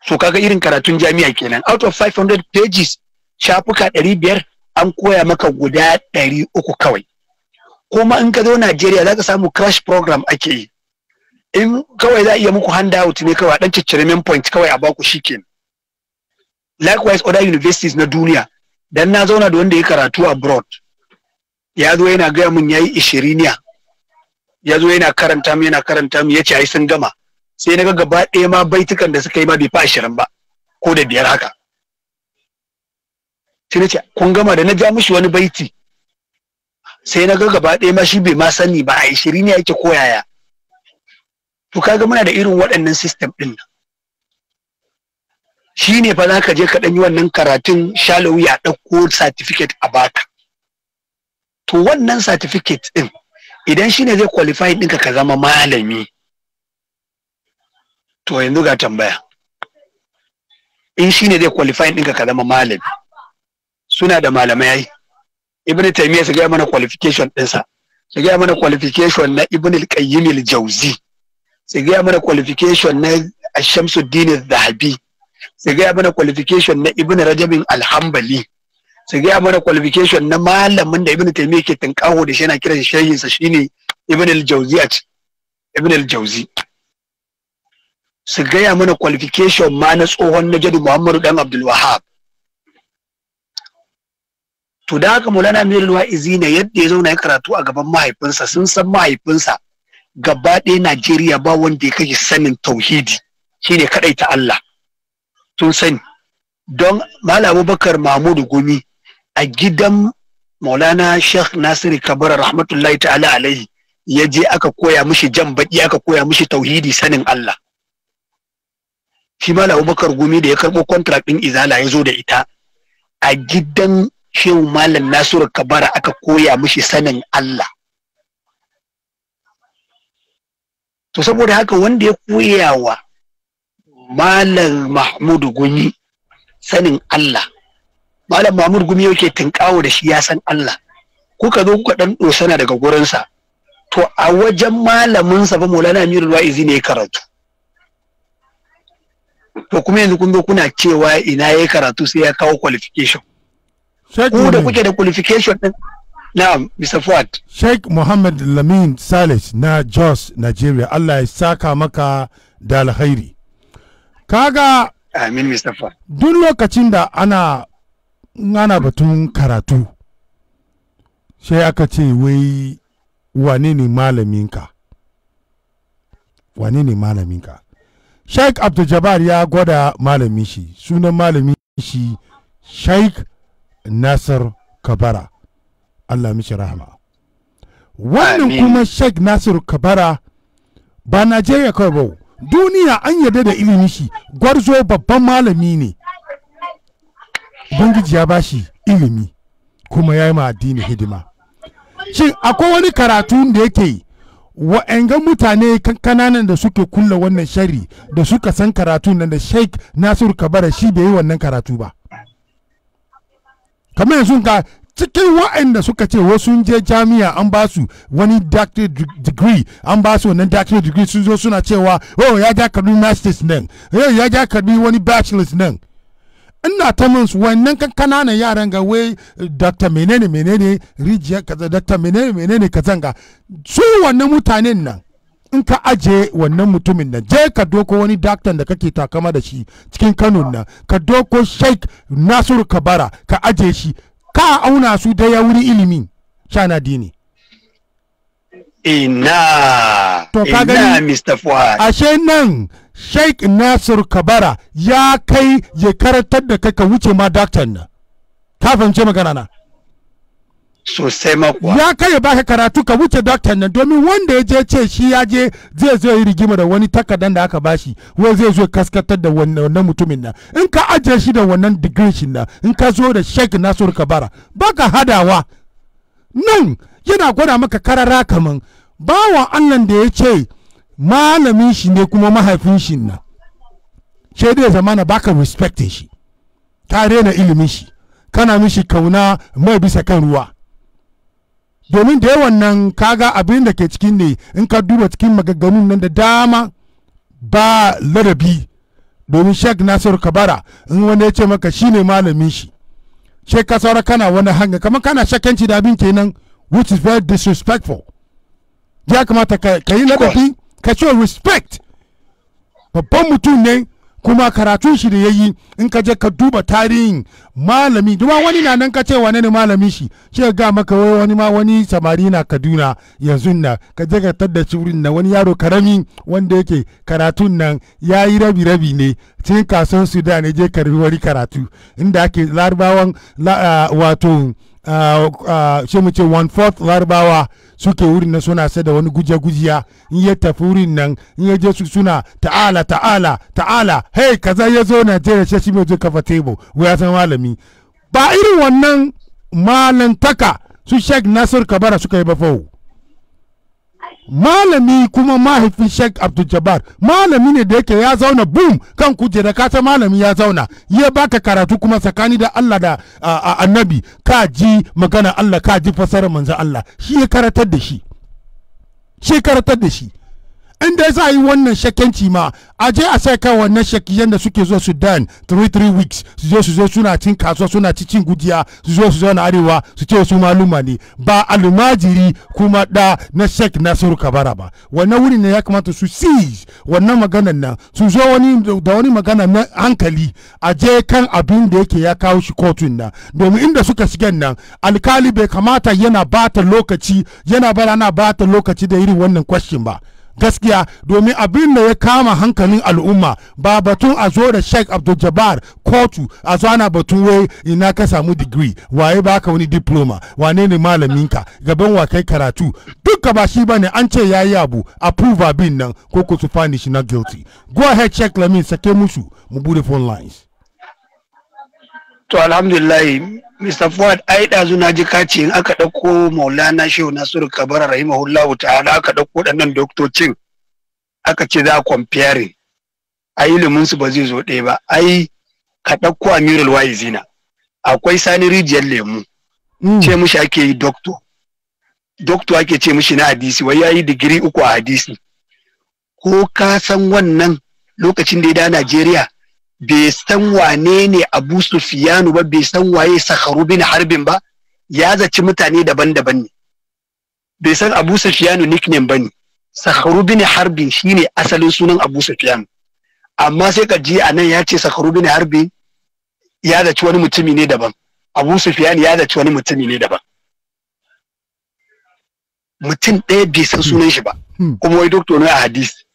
so kaga irin karatun jami'a kenan out of 500 pages shafuka 500 an koya maka guda 300 kawai kuma in ka zo Najeriya za ka samu crash program ake yi in kawai za a iya muku handout ne kawai dan ciccire main point kawai a baku shikenan likewise other universities na duniya dan na zauna da wanda ya karatu abroad ya zo yana gaya min yayi ishiriniya ya zo yana karanta mu yana karanta mu yace ai sun gama sai na ga gaba ɗaya ma baitukan da suka yi ma bai fa ashirin ba ko da biyar haka sai na ce kun gama da na ja mishi wani baiti sai na ga gaba ɗaya ma shi bai ma sani ba a shiri ne yake koyaya to kaga muna da irin waɗannan system ɗin nan shi ne fa za ka je ka ɗanyi wannan karatun shalawi a ɗauko certificate a baka to wannan certificate ɗin idan shi ne zai qualify ɗinka ka zama malami to yanzu ga tambaya in shi ne zai qualify ɗinka ka zama malami suna da malamai ibn taymiya su gaya mana qualification ɗinsa su gaya mana qualification na ibn al-qayyim al-jawzi su gaya mana qualification na ash-shamsuddin zahabi su gaya mana qualification na ibn rajabin al-hanbali su gaya mana qualification na malamin da ibn taymiya ke tinkaho da shi yana kiran sa shine ibn al-jawzi a ibn al-jawzi su gaya mana qualification ma na tsohon najadi muhammadu dan abdul wahhab to da haka maulana amirul wa'izi yadda ya zauna ya karatu a gaban mahaifinsa sun san mahaifinsa gaba ɗaya najeriya ba wanda ya kashe sanin tauhidi shine kadai ta allah Tun sani don malam abubakar mahmudu gumi a gidan maulana sheikh nasiru kabara rahmatullahi ta'ala alaihi ya je aka koya mishi jan baki aka koya mishi tauhidi sanin allah shi malam abubakar gumi da ya karɓo contract ɗin izala ya zo da ita a gidan shehu malam nasiru kabara aka koya mishi sanin Allah to saboda haka wanda ya koya wa malam mahmudu gumi sanin Allah malam mahmud gumi yake tinkawo da shi ya san Allah kuka zo kuka dan dosana daga gurinsa to a wajen malaminsa ba maulana amirul wa'izi ne ya karatu to kuma yanzu kun zo kuna cewa ina ya karatu sai ya kawo qualification ku da kuke da qualification din na'am Mr. Fuad Sheikh Muhammad Lamin Saleh na Jos Nigeria Allah ya saka maka da alkhairi kaga amin Mr. Fuad duk lokacin da ana ana batun karatu sai aka ce wai wane ne malaminka wane ne malaminka sheik abdul ya gwada malamin shi sunan malamin shi sheik nasir kabara allah mishi rahama wannan kuma sheikh nasir kabara ba najeriya kawai ba duniya an yarda da ilimi shi gwarzo babban malami ne bangiji ya shi ilimi kuma ya yi ma addini hidima shin akwai wani karatu da yake wa'anga mutane kananan da suke kulla wannan shari da suka san karatu nan da sheikh nasiru kabara shi bai yi wannan karatu ba kamar yanzu ga cikin wa'anda suka ce wasu je jami'a an ba su wani doctorate degree an ba su wannan doctorate degree sun zo suna cewa oh ya ja karbi masters nan oh ya ja karbi wani bachelors nan ina ta min su wannan kananan yaran ga wai doctor menene menene rijiya kaza doctor menene menene kazanga su wannan mutanen nan in ka aje wannan mutumin nan je ka doko wani daktan da kake takama da shi cikin kano nan ka doko sheik nasiru kabara ka aje shi ka auna su da ya wuri ilimi shana dini ina to ka gani ashe nan sheik nasiru kabara ya kai ya karatar da kai ka wuce ma daktan nan ka fahimce magana na sosai makuwa ya kai ya baka karatu ka wuce doktan nan domin wanda ya je ce shi ya je zai zo yi rigima da wani takardan da aka bashi wai zai zo kaskatar da wannan mutumin na in ka ajiye shi da wannan digirin shi nan in ka zo da shek nasiru kabara baka hadawa nan yana gwada maka karara kaman bawan allah da ya ce malamin shi ne kuma mahaifin shi nan shaidu ya zamana baka respectin shi ka rena ilimin shi kana mishi kauna mai bisa kan ruwa domin da yawan nan kaga abin da ke cikin ne in ka duba cikin magagganun nan da dama ba ladabi domin sheik nasir kabara in wani ya ce maka shi ne malamin shi sai ka saura kana wani hanga kamar kana shakanci da abin kenan which is very disrespectful ya kamata ka yi ladabi ka ce respect babban mutum ne kuma karatun shi da yayi in ka je ka duba tarihin malami duma wani na nan ka ce wane ne malami shi shi ga maka wai wani ma wani samari na Kaduna yanzu na ka je ka tadda wurin na wani yaro karami wanda yake karatun nan ya yi rabi rabi ne cikin kasuwan Sudan ne je karbi wani karatu inda ake larabawan wato Uh, uh, shi mu ce one fourth larabawa suke wurin nan suna sada wani guje-gujiya in ya tafi wurin nan in ya je suna ta'ala ta'ala ta'ala hey kaza ya zo najeriya shi shi mai zo kafa tebo wuya san malami ba irin wannan malantaka su shek nasir kabara suka yi ba malami kuma mahaifin sheikh abdul malami ne da yake ya zauna boom kan kujera ka ta malami ya zauna ya baka karatu kuma tsakani da allah da annabi ka ji magana allah ka ji fasarar manzo allah shi ya karatar da shi shi karatar da shi in dai za a yi wannan shakenci ma a je a sai kan wannan shaki yadda suke zo sudan 3-3 weeks su zo su zo suna cin kasuwa suna cin gujiya su zo su zo na arewa su ce su maluma ne ba almajiri kuma da na shek nasiru kabara ba wannan wuri ne ya kamata su seize wannan maganan nan su zo wani da wani magana na hankali a je kan abin da yake ya kawo shi kotun nan domin inda suka shigan nan alkali bai kamata yana bata lokaci yana bara na bata lokaci da irin wannan question ba gaskiya domin abin da ya kama hankalin al'umma ba batun a zo da sheikh abdul jabbar kotu a zo ana batun wai ina ka samu digiri waye baka wani diploma wane ne malaminka gaban wa kai karatu duka ba shi ne an ce ya yayi abu approve abin nan ko ku su na guilty go ahead check lamin sake musu mu bude phone lines To alhamdulillahi Mr. Fuad ai ɗazu na ji kace in aka dauko Maulana Shehu Nasiru Kabara rahimahullahu ta'ala aka ɗauko waɗannan doktocin aka ce za a comparing ai ilimin su ba zai zo ɗaya ba ai ka dauko Amirul Waizina akwai Sani Rijiyar Lemu hmm. ce mushi ake yi doctor doctor ake ce mishi na hadisi wai yayi digiri uku a hadisi ko ka san wannan lokacin da ya da Najeriya bai san wane ne Abu Sufyanu ba bai san waye Sakharu bin Harbin ba ya zaci mutane daban-daban ne bai san Abu Sufyanu nickname bane Sakharu bin Harbin shine asalin sunan Abu Sufyan amma sai ka ji a nan ya ce Sakharu bin Harbin ya zaci wani mutumi ne daban Abu Sufyan ya zaci wani mutumi ne daban mutum ɗaya bai san sunan shi ba hmm. Hmm. kuma wai doktor ne a hadisi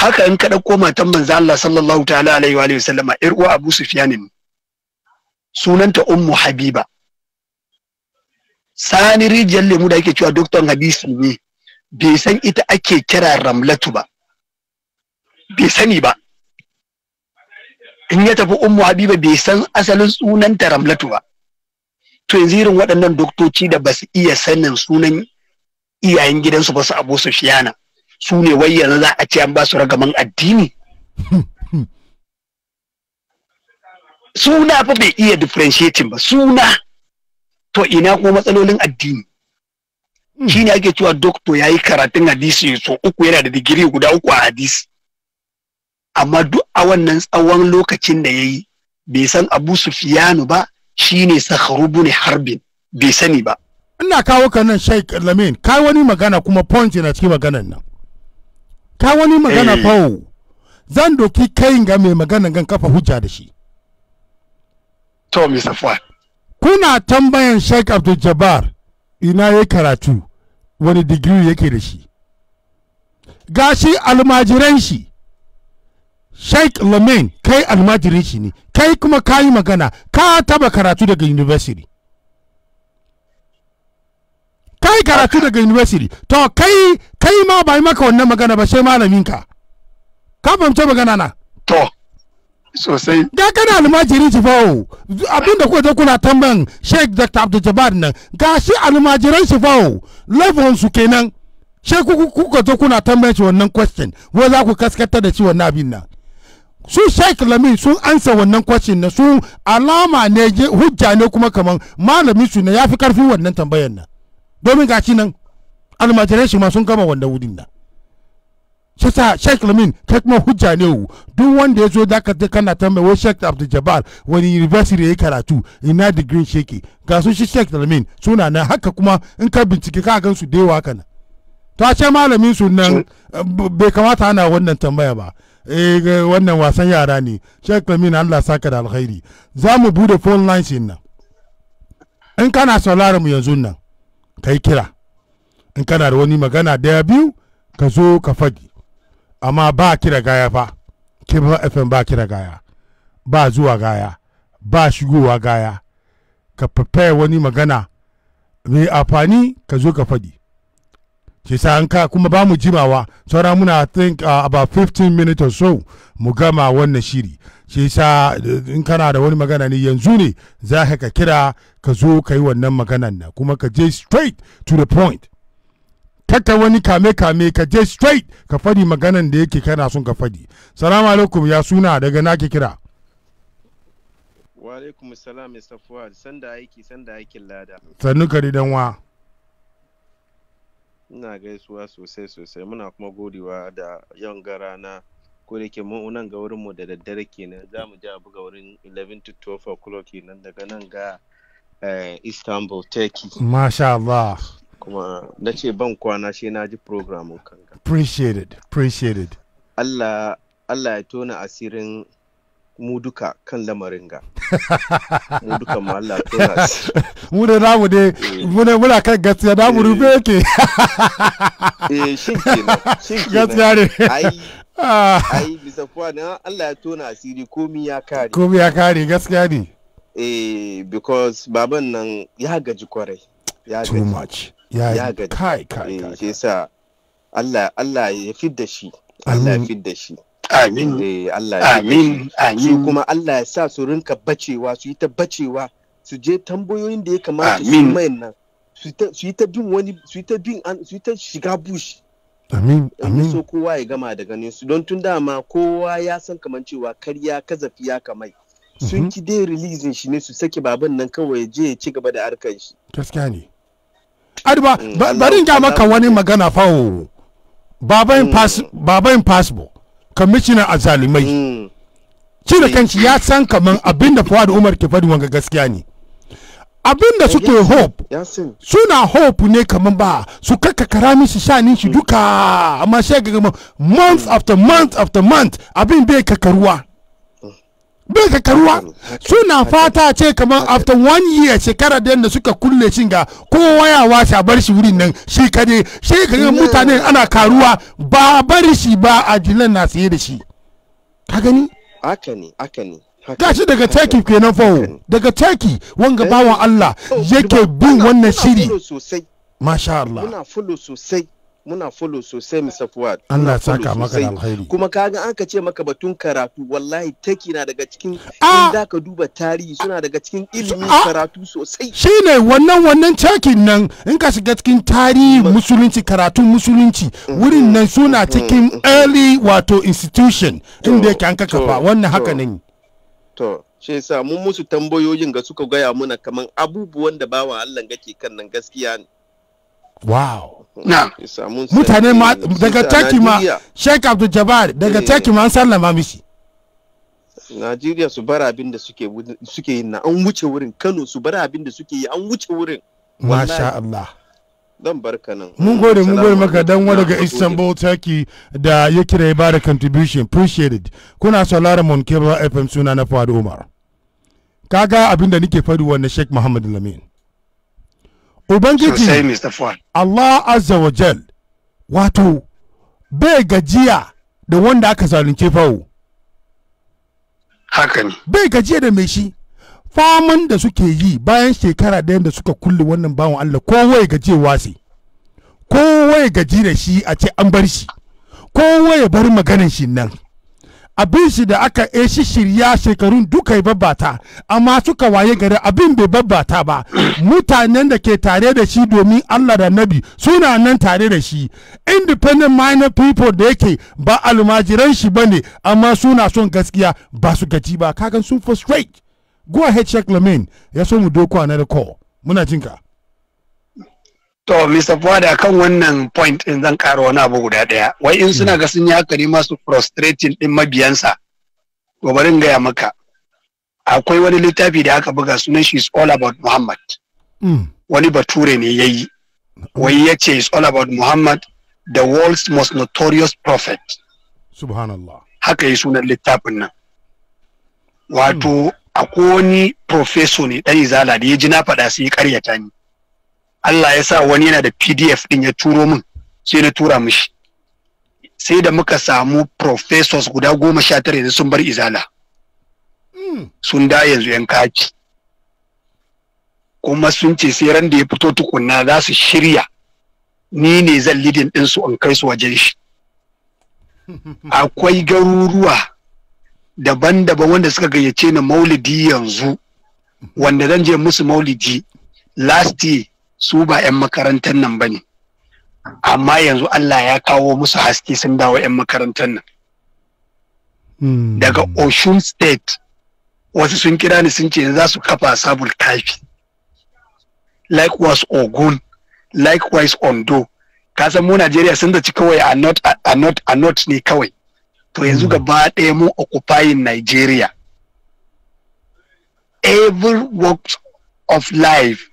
haka in ka ɗauko matan manzo Allah sallallahu ta'ala alaihi wa sallama ir uwa Abu Sufyan ne sunanta Ummu Habiba sani rijiyar lemu da ake cewa doktor hadisi ne bai san ita ake kira Ramlatu ba bai sani ba in ya tafi Ummu Habiba bai san asalin sunanta Ramlatu ba to yanzu irin waɗannan doktoci da ba su iya sanin sunan iyayen gidansu ba su Abu Sufyana su ne wai yanzu za a ce an ba su ragaman addini suna fa bai iya differentiating ba suna to ina kuma matsalolin addini hmm. shi ne ake cewa dokto ya yi karatun hadisi so uku yana da digiri guda uku a hadisi amma duk a wannan tsawon lokacin da ya yi bai san abu sufiyanu ba shi ne sakharubu ne harbin bai sani ba ina kawo kanan nan shaik lamin kai wani magana kuma point na cikin maganan nan ka wani magana eh. fawo zan doki kai ga mai magana gan kafa hujja da shi to kuna tambayan sheik abdul jabbar ina ya karatu wani digiri yake da shi gashi almajiran shi sheik lamin kai almajirin shi ne kai kuma kayi magana ka taba karatu daga university kai karatu daga university to kai kai ma bai maka wannan magana ba sai malamin ka fahimci magana na to sosai ga kana almajiri fawo abin da kuka kuna tambayan sheikh dr abdul jabbar nan ga shi almajiran fawo level su kenan sai kuka zo kuna tambayan shi wannan question wai za ku kaskata da shi wannan abin nan su sheik lamin sun ansa wannan question na su alama ne hujja ne kuma kaman malami su ne ya fi karfin wannan tambayar nan domin ga shi nan almajirai shi ma sun gama wanda wurin da shi sa sheikh lamin kai kuma hujja ne wu duk wanda ya zo da ka ta kana wai sheikh abdul jabbar wani university ya yi karatu ina degree sheke ga su shi lamin suna na haka kuma in ka bincike ka gan su da kana to a ce malamin su nan bai kamata ana wannan tambaya ba eh wannan wasan yara ne sheikh lamin allah saka da alkhairi za mu bude phone lines nan in kana sauraron mu yanzu nan ka yi kira in kana da wani magana daya biyu ka zo ka faɗi amma ba kira gaya fa ba fm ba kira gaya ba zuwa gaya ba shigowa gaya ka prepare wani magana mai amfani ka zo ka faɗi shi sa an ka kuma ba mu jimawa saura muna think uh, about 15 minutes or so mu gama wannan shiri shi sa eh, in kana da wani magana ne yanzu ne za ka kira ka zo ka yi wannan maganan na kuma ka je straight to the point kaka wani kame-kame ka je straight ka fadi maganan da yake kana son ka fadi salamu alaikum ya suna daga ke kira wa alaikum salam mr safuwa sanda aiki sanda aikin lada sannu kari dan wa ina gaisuwa sosai sosai muna kuma godewa da yan gara na ko da ke mu nan ga wurin mu da daddare kenan za mu je a buga wurin 11 to 12 o'clock kenan daga nan ga eh, Istanbul Turkey Masha Allah kuma na ce ban kwana shi na ji program ga appreciated appreciated Allah Allah ya tona asirin mu duka kan lamarin ga mu duka ma Allah tona mu da namu ne eh. muna kan gaskiya namu rufe eh. yake eh shin kenan shin kenan gaskiya ne Ah. ai bisa kwana Allah ya tona asiri komi ya kare komi ya kare gaskiya ne eh because baban nan ya gaji kwarai ya gaji too much ya gaji kai kai eh, kai shi yasa Allah Allah ya fidda shi Allah ya fidda shi amin eh Allah ya amin amin kuma Allah ya sa su rinka bacewa su yi ta bacewa su je tambayoyin da ya kamata su mai nan su yi ta bin wani su yi ta bin su yi ta shiga bushi Amin, amin. so kowa ya gama da ganin su don tun dama kowa ya san kamar cewa karya kazafi ya kamai. Sun mhm. ki dai releasing shi ne su sake baban nan kawai je ya ci gaba da harkar shi. Gaskiya ne. Adiba, mm, barin ga maka wani magana fawo. Baba impossible, kamishina a zalimai. Cire kanci ya san kamar abin da da Umar ke faɗi wanga gaskiya ne. abinda suke hope suna hope ne kamar ba su kaka karami shi ni mm. shi duka amma shi ga gama month mm. after month after month abin bai kakaruwa mm. bai kakaruwa suna fata ce kamar after one year shekara da yadda suka kulle shi ga kowa ya washe bar shi wurin nan shi kaje shi kaga mutane ana karuwa ba bar shi ba a jilan na tsaye da shi ka gani haka ne haka ne gashi daga taki kenan fawo daga turkey wanga eh, bawa Allah yake bin wannan shiri masha Allah muna fulo sosai muna follow sosai Mr. Fuad Allah saka maka alkhairi kuma kaga an ka ce maka batun karatu wallahi taki na daga cikin ah! in da ka duba tarihi suna daga cikin ah! ilimin ah! karatu sosai shine wannan wannan takin nan in ka shiga cikin tarihi musulunci karatu musulunci mm-hmm. wurin nan suna mm-hmm. cikin mm-hmm. early wato institution inda yake an ka kafa wannan haka ne To, shi sa mun musu tambayoyin ga suka gaya muna kaman abubuwan da bawa Allah gake kan nan gaskiya ne. Wow. Na. Mutane ma daga Turkey ma Sheikh Abdul Jabbar daga eh. Turkey ma an sallama mishi. Najeriya su bar abin da suke suke yi na an wuce wurin Kano su bar abin da suke yi an wuce wurin. Masha Allah. dan barka nan mun gode mun gode maka dan wani daga istanbul turkey da ya kira ya ba da contribution appreciated kuna sauraron mon kebra fm suna na fuad umar kaga abin da nake faɗi wannan sheikh muhammad lamin ubangiji allah azza wa jal wato bai gajiya da wanda aka zalunce fawo haka ne bai gajiya da mai shi faman da suke yi bayan shekara ɗayan da suka kulle wannan bawan Allah kowai gajewa ko kowai gaji da shi a ce an bar shi kowai ya bar maganin shi nan abin shi da aka e eh, shi shirya shekarun duka ya babbata amma suka waye gari abin bai babbata ba mutanen da ke tare da shi domin Allah da nabi suna nan tare da shi independent minor people da yake ba almajiran shi bane amma suna son gaskiya ba su gaji ba kagan sun frustrate go ahead check lamin ya so mu doko another call muna jinka to mr fuada kan wannan point din zan karo wani abu guda daya. wai in suna mm. ga sun yi hakari masu frustrating din mabiyansa to bari in gaya maka akwai wani littafi da aka buga sunan shi is all about muhammad mm. wani bature ne ya yi wai ya ce is all about muhammad the world's most notorious prophet subhanallah haka yi sunan littafin nan wato mm. akwai wani profeso ne dan izala da ya ji na faɗa sai ya karyata ni Allah ya sa wani yana da PDF din ya turo min sai na tura mishi sai da muka samu professors guda goma sha tara yanzu sun bar izala hmm. sun da yanzu yan kaci kuma sun ce sai ran da ya fito tukunna za su shirya ni ne zan lidin ɗinsu in kai su wajen shi akwai garuruwa daban-daban wanda suka gayyace ni maulidi yanzu wanda zan je musu maulidi last year su ba 'yan makarantar nan ba ne amma yanzu Allah ya kawo musu haske sun dawo 'yan makarantar nan hmm. daga Osun State wasu sun kira ni sun ce za su kafa sabul kafi likewise Ogun likewise Ondo kasan mu Najeriya sun zaci kawai a not a not ne kawai to yanzu gaba ɗaya mu occupying Nigeria every walk of life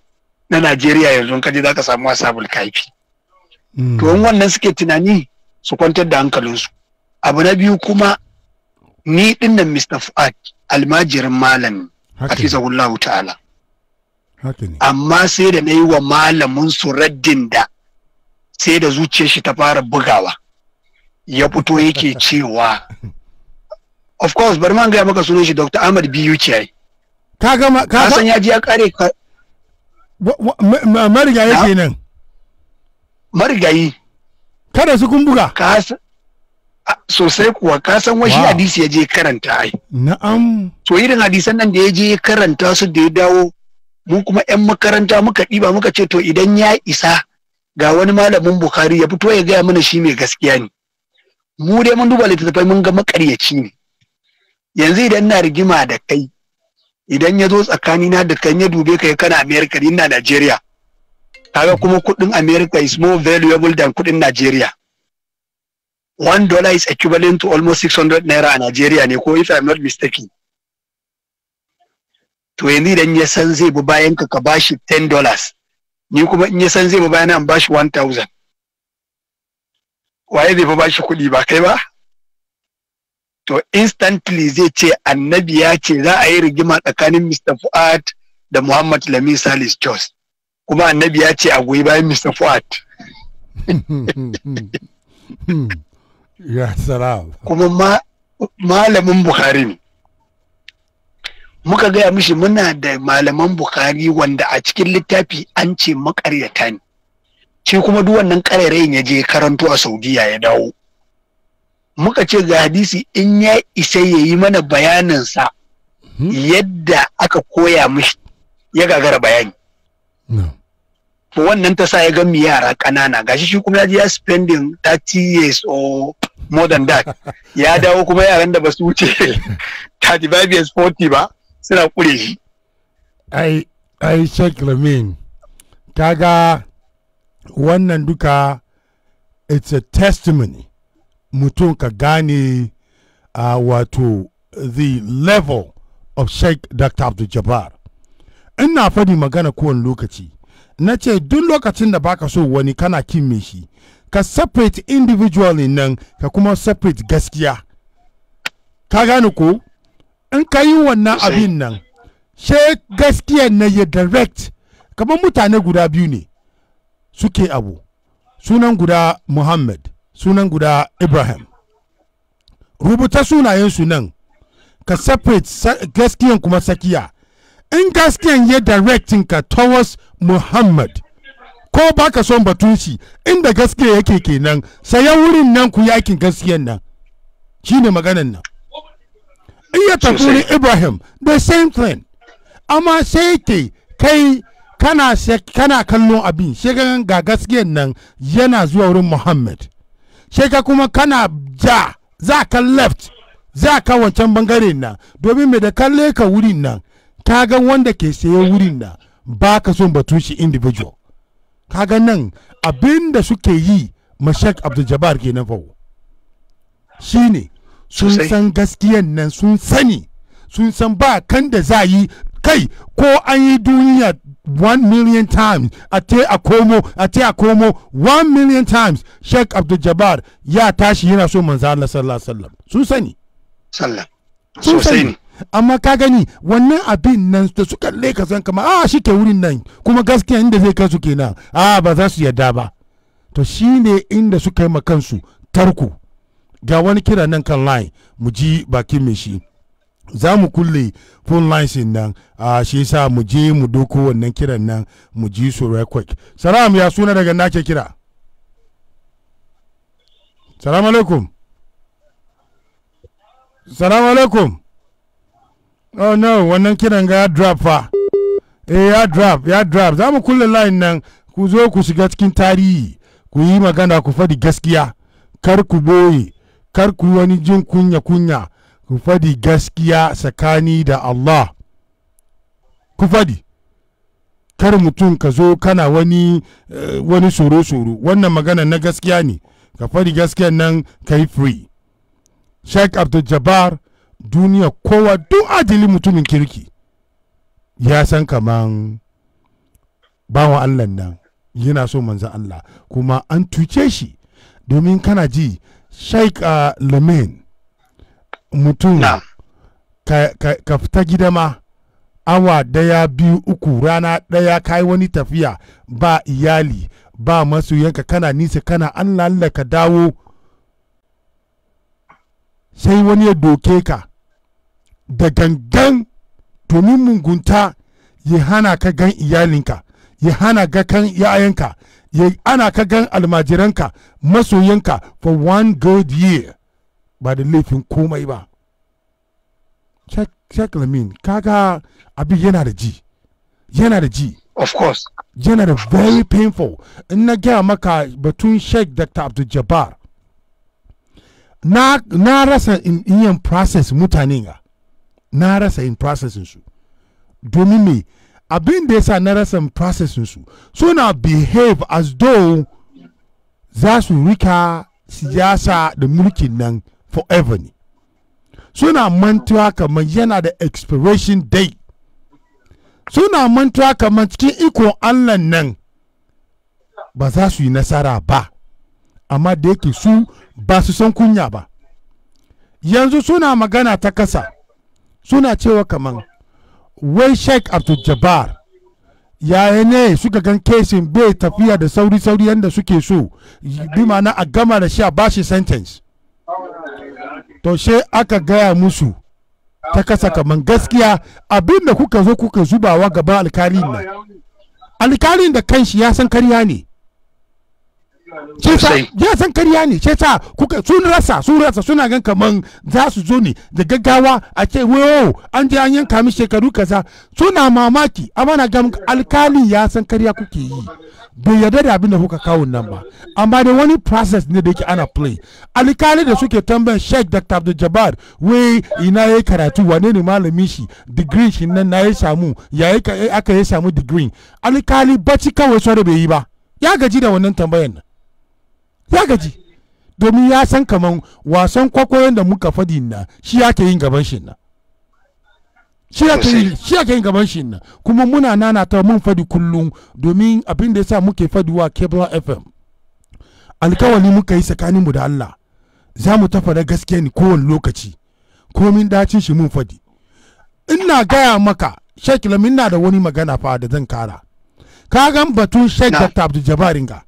na Najeriya yanzu kaje za ka samu asabul kaifi. Hmm. To wani wannan suke tunani su kwantar da hankalinsu. Abu na biyu kuma ni ɗinnan Mr. Fuad almajirin malam hafizahullahu ta'ala. Amma sai da na yi wa malamin su raddin da sai da zuciyar shi ta fara bugawa. ya fito yake cewa of course bari man gaya maka sunan shi Dr. Ahmad Biyu Ciyai ka gama ka san ya ji ya kare ka marigayi yake nan marigayi kada su kumbuga ka san sosai kuwa ka san washi hadisi ya je karanta ai na'am to irin hadisan nan da ya je karanta su da ya dawo mu kuma 'yan makaranta muka ɗiba muka ce to idan ya isa ga wani malamin Bukhari ya fito ya gaya mana shi mai gaskiya ne. mu dai mun duba littattafai mun ga makaryaci ne yanzu idan na rigima da kai idan ya zo tsakanina da kan ya dube kai kana america ni na nigeria kaga kuma kudin america is more valuable than kudin nigeria one dollar is equivalent to almost 600 naira a nigeria ne ko if i'm not mistaken to yanzu idan ya san zai bi bayan ka ka bashi 10 dollars ni kuma in ya san zai bi bayan an bashi 1000 waye zai fa bashi kuɗi ba kai ba to instantly zai ce annabi ya ce za a yi rigima tsakanin Mr. Fuad da Muhammad Lami Salis Jos kuma annabi ya ce a goyi bayan Mr. Fuad ya kuma malamin Bukhari ne muka gaya mishi muna da malaman Bukhari wanda a cikin littafi an ce makaryata Ce kuma duk wannan ƙarairayin ya je karanto a saudiya ya dawo muka ce ga hadisi in ya isa ya yi mana bayaninsa hmm? yadda aka koya mishi ya gagara bayani wannan ta sa ya gami yara ƙanana gashi shi kuma ya je ya spending 30 years or more than that ya dawo kuma yaran da ba su wuce 35 years 40 ba suna kure shi ai ai shek lamin kaga wannan duka it's a testimony mutum ka gane uh, wato the level of sheikh dr abdul jabbar ina faɗi magana kowane lokaci na ce duk lokacin da baka so wani kana me shi ka separate individually nan ka kuma separate gaskiya ka gane ko in ka yi wannan abin nan sheikh gaskiya na ya direct kamar mutane guda biyu ne suke abu sunan guda muhammad sunan guda ibrahim rubuta sunayensu nan ka separate gaskiyan kuma sakiya in gaskiyan ya directin ka towards muhammad ko ba ka son batun shi inda gaskiya yake kenan sayan wurin nan ku yakin gaskiyan nan shine maganan nan in ya tafi ibrahim the same thing amma sai ke kai kana kana kallon abin shi ga gaskiyan nan yana zuwa wurin muhammad shi kuma kana ja za ka left za ka wancan bangaren nan domin mai da kalle ka wurin nan ka ga wanda ke saye wurin nan ba ka so batun shi individual ka ga nan abin da suke yi mashek abdul jabbar ke nan fawo shi ne sun san gaskiyan nan sun sani sun san ba kan da za yi kai ko an yi duniya one million times ate a komo ate a komo one million times sheikh abdul jabbar ya tashi yana so manzo Allah sallallahu alaihi wasallam sun sani sallam sun sani amma ka gani wannan abin nan da suka leka san kama a ah, shi ke wurin nan kuma gaskiya inda zai kansu kenan a ah, ba za su yarda ba to shine inda suka yi ma kansu tarku ga wani kira nan kan line mu ji bakin mai shi za mu kulle phone lines nan a shi yasa mu je mu doko wannan kiran nan mu ji su record salam ya suna daga nake kira salam alaikum salam alaikum oh no wannan kiran ga ya drop fa eh ya drop ya drop za mu kulle line nan ku zo ku shiga cikin tarihi ku yi magana ku faɗi gaskiya kar ku boye kar ku wani jin kunya kunya ku fadi gaskiya tsakani da Allah ku fadi kar mutum ka zo kana wani uh, wani soro-soro wannan magana na gaskiya ne ka faɗi gaskiya nan ka yi free sheikh abdul jabbar duniya kowa duk adili mutumin kirki ya san kaman bawa allah nan yana so manzan allah kuma an tuce shi domin kana ji sheikh uh, ah, Lamine mutum ka fita gida ma awa daya biyu uku rana daya yi wani tafiya ba iyali ba masoyanka kana nisa kana an Allah ka dawo sai wani ya doke ka da gangan domin mungunta ya hana ka gan iyalinka ya hana ga kan yayanka ya ana ka gan almajiranka masoyanka for one good year ba da laifin komai ba Sheikh Lamin kaga abin yana da ji yana da ji of course yana da very painful in na gaya maka batun Sheikh Dr. Abdul Jabbar na, na rasa in yin process mutane ga na rasa in processing su domin me abin da yasa na rasa in processing su suna behave as though za su rika siyasa da mulkin nan forever ne suna mantuwa kamar yana da expiration date suna mantuwa kamar cikin ikon allah nan ba za su yi nasara ba amma da yake su ba su san kunya ba yanzu suna magana ta kasa suna cewa kamar wai sheik abdul jabbar ya ne suka gan kesin bai tafiya da sauri-sauri yadda suke so bi ma'ana a gama da sha bashi sentence to she aka gaya musu ta kasa kaman gaskiya abin da kuka zo kuka zubawa gaban alkalin nan alkalin da kanshi ya san karya ne ya san karya ne ce ta sun rasa sun rasa suna gan kaman za su zo ne da gaggawa a ce wo an je an yanka mi shekaru kaza suna mamaki amma na ga alkali ya san karya kuke yi bai yarda da abin da kuka kawo nan ba amma dai wani process ne da yake ana play alikali da suke tambayan sheikh dr abdul jabbar wai ina yayi karatu wane ne malamin shi degree shi nan na ya samu ya aka ya samu degree alikali bacci kawai sore bai yi ba ya gaji da wannan tambayan nan ya gaji domin ya san kaman wasan kwakwayon da muka fadi na shi yake yin gaban shi nan shi ake kai gaban shi na kuma muna nanata mun fadi kullum domin abin da ya sa muke fadiwa kebla fm alkawali muka yi tsakaninmu da allah za mu tafa da gaskiya ne kowane lokaci komin dacin shi mun fadi ina gaya maka shekila na da wani magana fa da zan kara ka gan batun shekila ta abu jabarin ga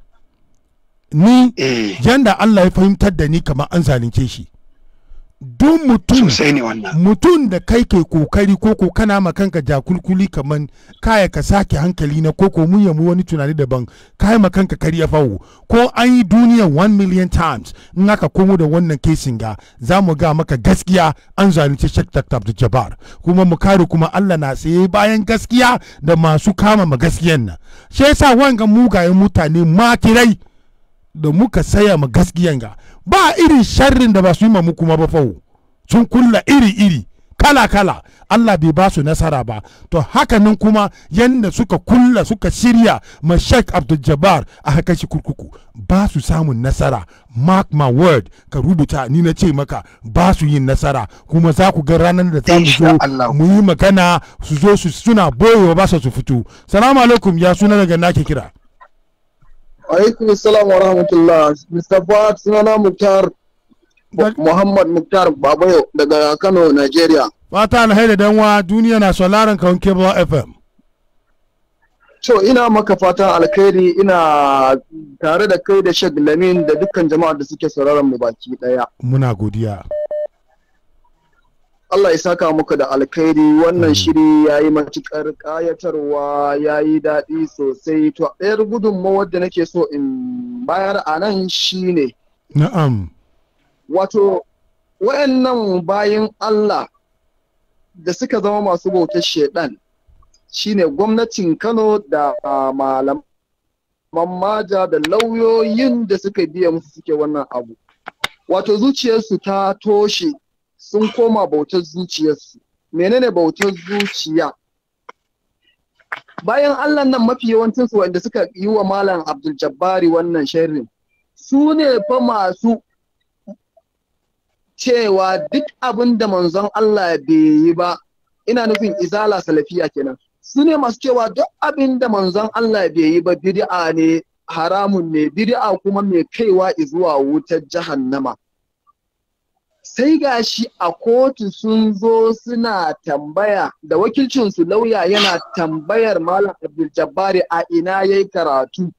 ni eh. yanda allah ya fahimtar da ni kamar an zalunce shi duk mutum mutum da kai ke kokari ko ko kana ma kanka jakulkuli kaman kaya ka sake hankali na ko ko mun yamu wani tunani daban kaya ma kanka kari ya fawo ko an yi duniya 1 million times in aka komo da wannan kesin ga za mu ga maka gaskiya an zalunci Sheikh Dr. Abdul Jabbar kuma mu kare kuma Allah na tsaye bayan gaskiya da masu kama ma gaskiyan nan shi yasa wanga mugayen mutane makirai da muka saya ma gaskiyan ga ba irin sharrin da ba su yi ma mu kuma ba fa sun kulla iri-iri kala-kala Allah bai ba su nasara ba to haka nan kuma yanda suka kulla suka shirya ma Sheikh Abdul Jabbar a haka shi kurkuku ba su samun nasara mark my word ka rubuta ni na ce maka ba su yin nasara kuma za ku ga ranar da za mu zo mu yi magana su zo su suna boyewa ba su fito salamu alaikum ya suna daga nake kira alaikum salam wa rahmatullah mr suna sunana muktar muhammad muktar babayo daga kano nigeria fata alheri danwa duniya na sauraron kan cable fm so ina maka fatan alkhairi ina tare da kai da lamin da dukkan jama'ar da suke sauraron mu baki daya muna godiya Allah ya saka muku da alkhairi wannan shiri ya yi matuƙar ƙayatarwa ya yi daɗi sosai to ɗayar gudunmawar da nake so in bayar a nan shi ne. Na'am. Wato, wayannan bayan Allah da suka zama masu bautar shaiɗan shi ne gwamnatin Kano da ah, malaman maja da lauyoyin da suka biya musu suke wannan abu. Wato zuciyarsu ta toshe sun koma bautar zuciyarsu menene bautar zuciya bayan Allah nan mafi yawancinsu wanda suka yi wa malam Abdul Jabbari wannan sharrin su ne fa masu cewa duk abin da manzon Allah bai yi ba ina nufin izala salafiya kenan su ne masu cewa duk abin da manzon Allah bai yi ba bid'a ne haramun ne bid'a kuma mai kaiwa zuwa wutar jahannama sai gashi a kotu sun zo suna tambaya da wakilcinsu lauya yana tambayar malam abdul jabbari a ina yayi karatu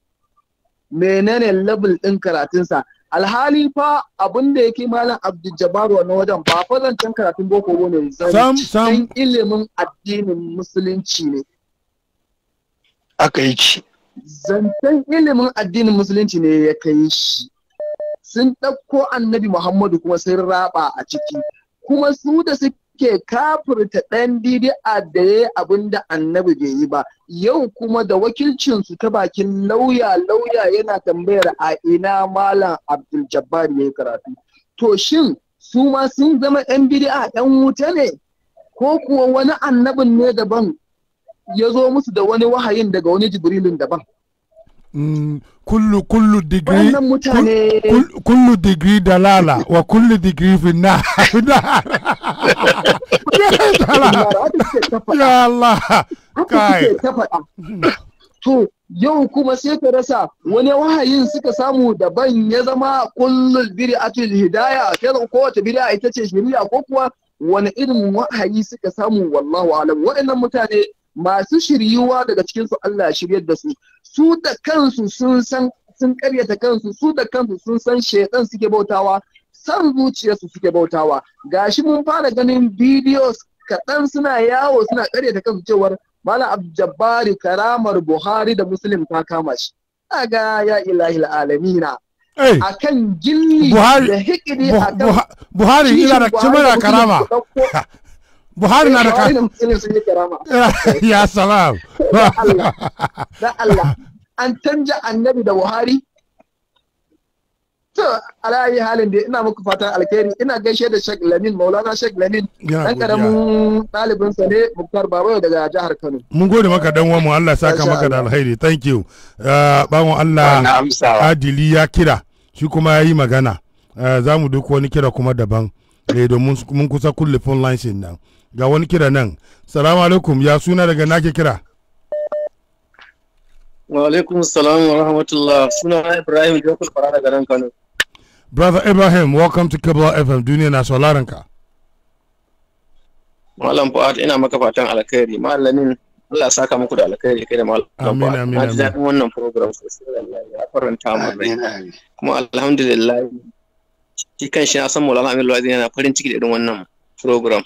menene level din karatunsa alhali fa abin da yake malam abdul jabbari wannan wajen ba fa zancen karatun boko bane zan ilimin addinin musulunci ne aka yi zancen ilimin addinin musulunci ne ya kai shi sun ɗauko annabi Muhammadu kuma sun raba a ciki kuma su da suke kafirta ɗan bidi'a da ya abin da annabi bai yi ba yau kuma da wakilcinsu ta bakin lauya lauya yana tambayar a ina malam Abdul Jabbar ya karatu to shin su ma sun zama ɗan bidi'a ɗan wuta ne ko kuwa wani annabin ne daban ya zo musu da wani wahayin daga wani jibrilin daban Mm, kullu kullu digiri kullu digiri dalala wa kullu digiri finna ya Allah kai to yau kuma sai ka rasa wani wahayin suka samu daban ya zama a cikin hidaya kenan kowace bid'a ita ce shiriya, ko kuwa wani irin wahayi suka samu wallahu alam waɗannan mutane masu shiryuwa daga cikin su Allah shiryar da su su da kansu sun san sun karyata kansu su da kansu sun san shaitan suke bautawa san zuciyarsu suke bautawa gashi mun fara ganin videos kaɗan suna yawo suna karyata kansu cewar malam abjabbari karamar buhari da muslim ta kama shi aga ya ilahi alamina akan gilli da hikidi akan buhari ina da karama Buhari na da ka. Ya salam. Da Allah. An canja annabi da Buhari. To, alayi halin da ina muku fatan alkhairi ina gaishe da Sheikh Lamin Maulana Sheikh Lamin dan karamin dalibin sa ne Muktar Babo daga jihar Kano. Mun gode maka dan uwan mu Allah ya saka maka da alkhairi. Thank you. Uh, Allah Adili ya kira shi kuma yayi magana. Uh, za mu duk wani kira kuma daban. Eh domin mun kusa kulle phone lines nan. ga wani kira nan salamu alaikum ya suna daga nake kira wa alaikum salam wa rahmatullah suna ibrahim jokul fara daga nan kano brother ibrahim welcome to kabla fm duniya na sauraron ka malam fuad ina maka fatan alkhairi malamin Allah saka muku da alkhairi kai da malam amin amin amin daɗin wannan program sosai da ya faranta mu rai kuma alhamdulillah shi kan shi na san maulana amin lawazin yana farin ciki da irin wannan program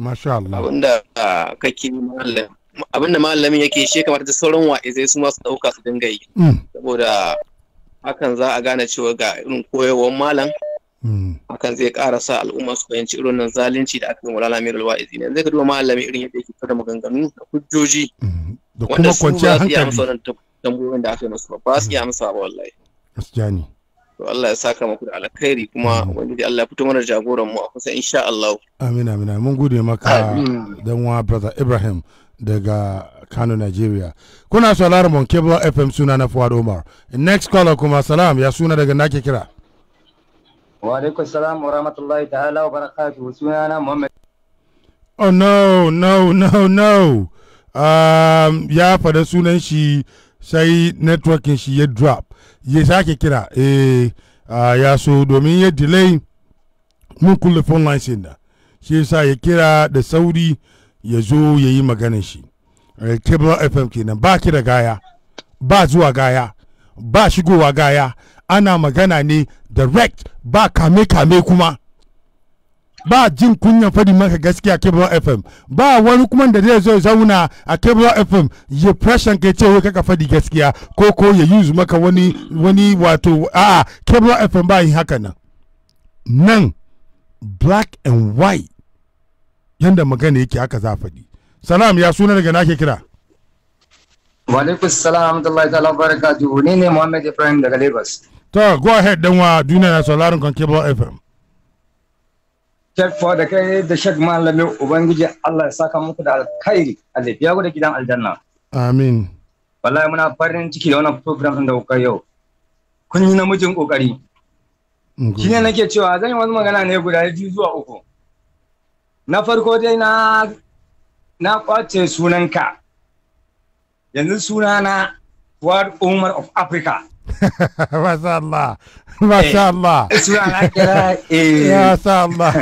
Masha Allah. Abinda ah, kake malam abinda malamin yake shi kamar da sauran wa'izai su masu ɗauka su dinga yi. Mm. Saboda hakan za a gane cewa ga irin koyarwar malam. Mm. Hakan zai ƙara sa al'umma su fahimci irin nan zalunci da aka yi wa lalamir wa'izi ne. Zai ka duba malami irin yadda yake fara maganganu da hujjoji. Mm. Da kuma kwanciyar hankali. Wanda su ba su iya amsa ba wallahi. Asjani. to Allah ya saka muku da alkhairi kuma ubangiji Allah ya fito mana jagoran mu a kusa insha Allah amin amin mun gode maka dan wa brother Ibrahim daga Kano Nigeria kuna sauraron mon cable FM suna na Fuad Omar next caller kuma salam ya suna daga nake kira wa alaikum salam wa rahmatullahi ta'ala wa barakatuh suna na Muhammad oh no no no no um, ya faɗa sunan shi sai networking shi ya drop ya sake kira eh ya so domin ya delay mun kulle phone line shi da shi yasa ya kira da sauri ya zo ya yi maganin shi eh, cable fm kenan ba kira gaya ba zuwa gaya ba shigowa gaya ana magana ne direct ba kame-kame kuma ba jin kunyan fadi maka gaskiya cable fm ba wani kuma da zai zo zauna a cable fm ya pressure ke ce kaka fadi gaskiya ko ko ya use maka wani wani wato a cable fm ba yin haka nan nan black and white yanda magana yake haka za faɗi salam ya suna daga nake kira Walaikum salam alhamdulillahi ta'ala barakatuhu ni ne Muhammad Ibrahim daga Lagos. To go ahead dan wa duniya na sauraron kan Cable FM. Shekfa da kai da Shek Malamin Ubangiji Allah ya saka muku da alkhairi a biya ku da gidan aljanna. Amin. Wallahi muna farin ciki da wannan program ɗin da kuka yau. Kun yi namijin kokari. Shi ne nake cewa zan yi wani magana ne guda biyu zuwa uku. Na farko dai na na kwace sunanka. Yanzu sunana World Umar of Africa. ما شاء الله ما شاء الله اسمع يا شاء الله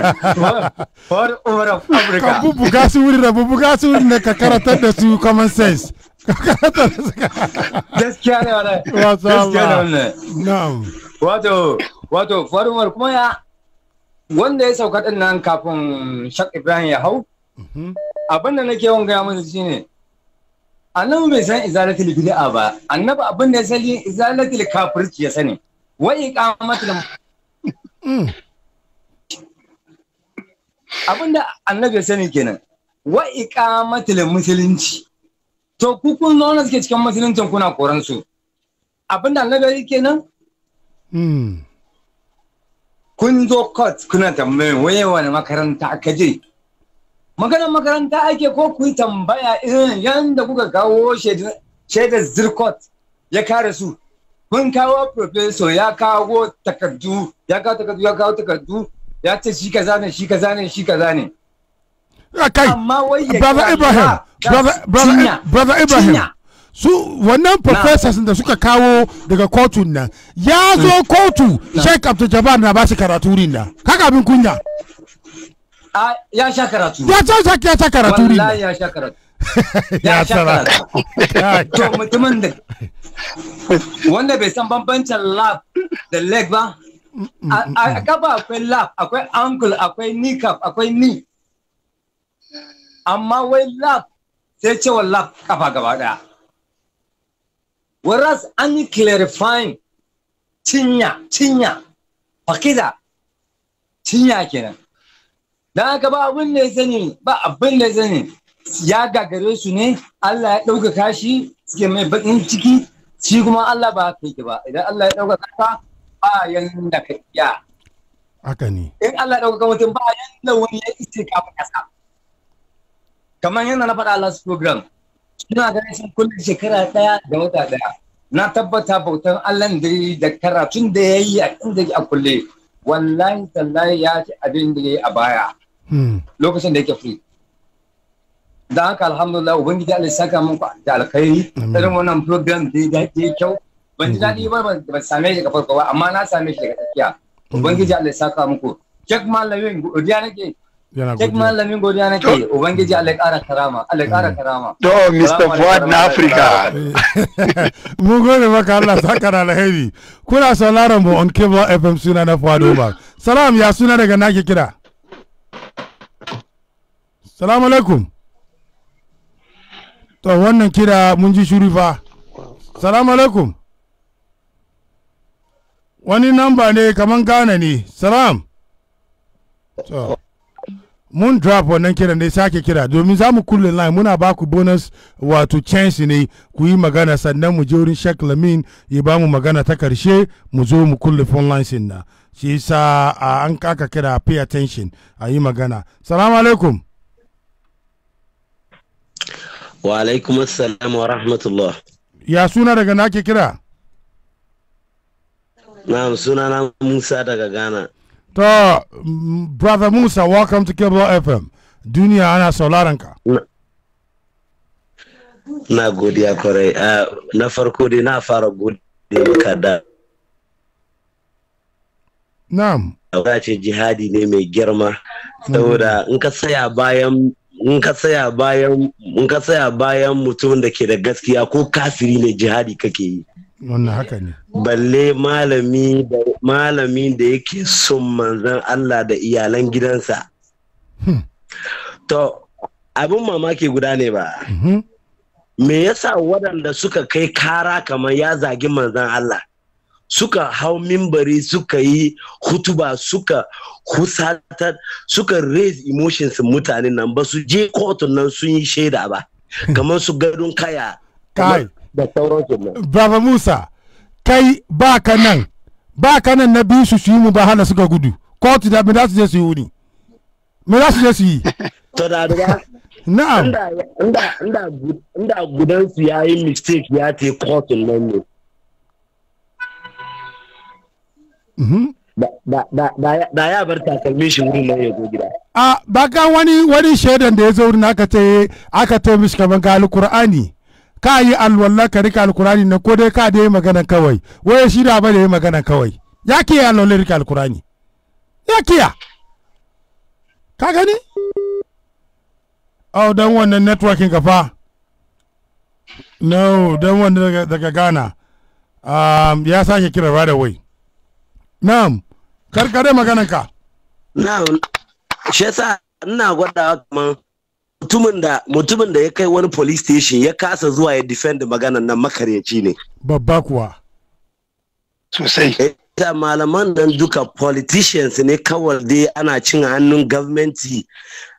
for over of africa ka bubu ga su wurin rabu ga su wurin ka karatar da su common sense gaskiya ne wannan masha Allah na'am wato wato farmar kuma ya wanda ya sauka din nan kafin Shak Ibrahim ya hau mhm. abin da nake yawan gaya masa annabi bai san izalatul bid'a ba annabi abin da ya sani izalatul kafirci ya sani wa iqamatul mm. abin da annabi ya sani kenan wa iqamatul musulunci to ku kun zauna suke cikin musuluncin kuna koran su abin da annabi ya kenan mm. kun zo court kuna tambayin waye wani makaranta aka je maganar makaranta ake ko ku yi tambaya irin yadda kuka kawo shaidar zirkot ya kare su mun kawo professor ya kawo takardu ya kawo takardu ya kawo takardu ya ce shi kaza ne shi kaza ne shi kaza ne kai brother ibrahim brother ibrahim su wannan professors da suka kawo daga kotun nan ya zo mm. kotu sheikh abdul jabbar na ba shi karatu nan kaka abin kunya ya sha karatu ya sha ya sha karatu ya sha karatu ya sha karatu to mutumin da wanda bai san bambancin lab da leg ba mm, mm, a mm. kaba akwai lab akwai ankle akwai kneecap akwai knee amma wai lab sai cewa lab kafa gaba daya whereas an yi clarifying cinya cinya fakida cinya kenan don haka ba abin da ya sani ba abin da ya sani ya gagare su ne Allah ya ɗauka kashi suke mai baƙin ciki shi kuma Allah ba ka yi ba idan Allah ya ɗauka kasa ba yanda ka iya haka ne in Allah ya ɗauka mutum ba yanda wani ya ise ka ba kasa kamar yana na faɗa last program suna ganin sun kulle shekara ɗaya da wata ɗaya na tabbata bautan Allah da karatun da ya yi a inda a kulle wallahi tallahi ya ci abin da ya yi a baya Hmm. lokacin da yake free da haka alhamdulillah ubangiji Allah saka muku da alkhairi irin wannan program da ya ke kyau ban ji hmm. daɗi ba ban same shi da farko ba amma na same shi daga tafiya hmm. ubangiji Allah saka muku cek malamin godiya nake Cek malamin godiya nake ubangiji Allah ƙara karama Allah ƙara karama to Mr Fuad na Africa mu gode maka Allah saka da alkhairi kuna sauraron mu on cable FM suna na Fuad Umar salam ya suna daga nake kira salamu alaikum to wannan kira mun ji shuri fa salamu alaikum wani namba ne kaman gane ne salam to mun drop wannan kira ne sake kira domin za mu kulle line muna ba ku bonus wato chance ne ku yi magana sannan mu je wurin Sheikh Lamin ya ba mu magana ta karshe mu zo mu kulle phone lines na shi yasa an kaka kira pay attention a yi magana salamu alaikum wa alaikum assalam wa rahmatullah ya suna daga na ke kira na'am suna na musa daga ghana to brother musa welcome to kebla fm duniya ana sauraron ka na godiya kwarai na farko dai na fara godiya maka da na'am ce jihadi ne mai girma mm. saboda in ka saya bayan in ka tsaya bayan mutum da ke da gaskiya ko kafiri ne jihadi kake yi wannan haka ne balle malami da yake son manzan Allah da iyalan gidansa hmm. to abin mamaki guda ne ba hmm. me yasa waɗanda suka kai kara kamar ya zagi manzan Allah suka hau mimbari suka yi hutuba suka husatar suka raise emotions mutanen nan ba su je kotun nan sun yi shaida ba hmm. kamar su gadon kaya kai da sauransu baba musa kai ba ka nan ba ka nan na biyu su su yi mu ba hana suka gudu kotu da me za su je su yi wuni me za su je su yi to da na'am inda gudansu ya yi mistake ya te kotun nan ne Mhm. da ya bar takalmi shi wurin nan ya zo gida a baka wani wani shaidan da ya zo wurin aka ce aka ce mishi kaman ga alkur'ani. ka yi alwala ka rika alkur'ani na ko dai ka da yi magana kawai waye shi da ba da yi magana kawai ya ke alwala rika alkur'ani. ya ke ka gani oh dan wannan networking ka fa no dan wannan daga Ghana um, ya sake kira right away na'am karkare magananka na'am shi yasa ina gwada kaman mutumin da mutumin da ya kai wani police station ya kasa zuwa ya defend maganan nan makaryaci ne babba kuwa sosai ta eh, malaman nan duka politicians ne kawai dai ana cin hannun gwamnati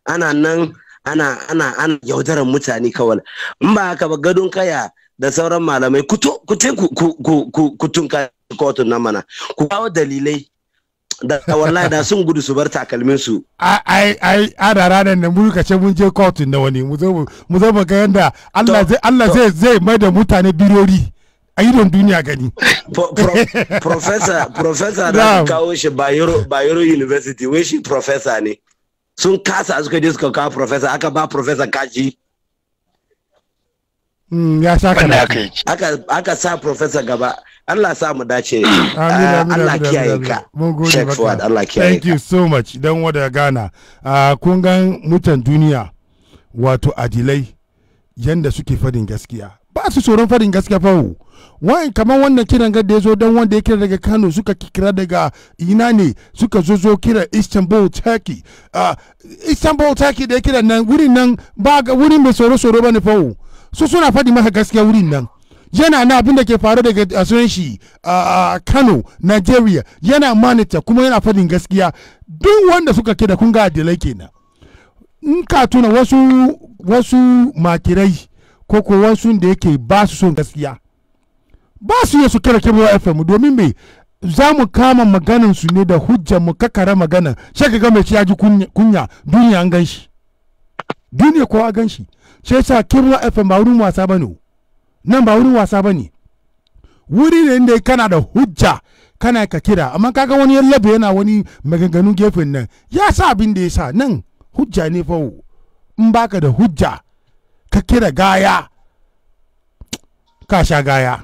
ana nan ana ana ana yaudarar mutane kawai in ba haka ba gadon kaya da sauran malamai ku ku ku ku tunka kotun nan mana ku kawo dalilai da wallahi da sun gudu su bar takalmin su ai ai ana ranar da mu kace mun je kotun da wani mu zo mu zo ga yanda Allah zai Allah zai zai mai da mutane birori a idon duniya gani professor professor da kawo shi Bayero Bayero University wai shi professor ne sun kasa suka je suka kawo professor aka ba professor kaji hmm, ya sha kana aka sa professor gaba Allah sa mu dace Allah kiyaye ka Sheikh Fuad Allah kiyaye ka. thank you so much dan wada Ghana ah, kun ga mutan duniya wato adilai yanda suke fadin gaskiya ba su tsoron fadin gaskiya fa Wai kamar wannan kiran ga da yazo zo wanda ya kira daga kano suka kira daga ina ne suka zo zo kira istanbul turkey uh, istanbul turkey da ya kira nan wurin nan ba ga wurin mai tsoro-tsoro ba fa wo. su suna fadi maka gaskiya wurin nan yana na abin da ke faru daga sunan shi a kano nigeria yana manita kuma yana fadin gaskiya duk wanda suka ke da kun ga adilai kenan in ka tuna wasu makirai ko ko wasu da yake ba su son gaskiya ba su yi su kira kibiyar fm domin me za mu kama maganan su ne da hujja mu kakara magana shaka ka ga mai ya ji kunya duniya an gan shi duniya kowa gan shi sai sa kibiyar fm ba wurin wasa ba ne. nan ba wurin wasa ba ne wuri ne inda kana da hujja kana ka kira amma kaga wani ya labe yana wani maganganun gefen nan ya sa abin da ya sa nan hujja ne fa in baka da hujja ka kira gaya ka sha gaya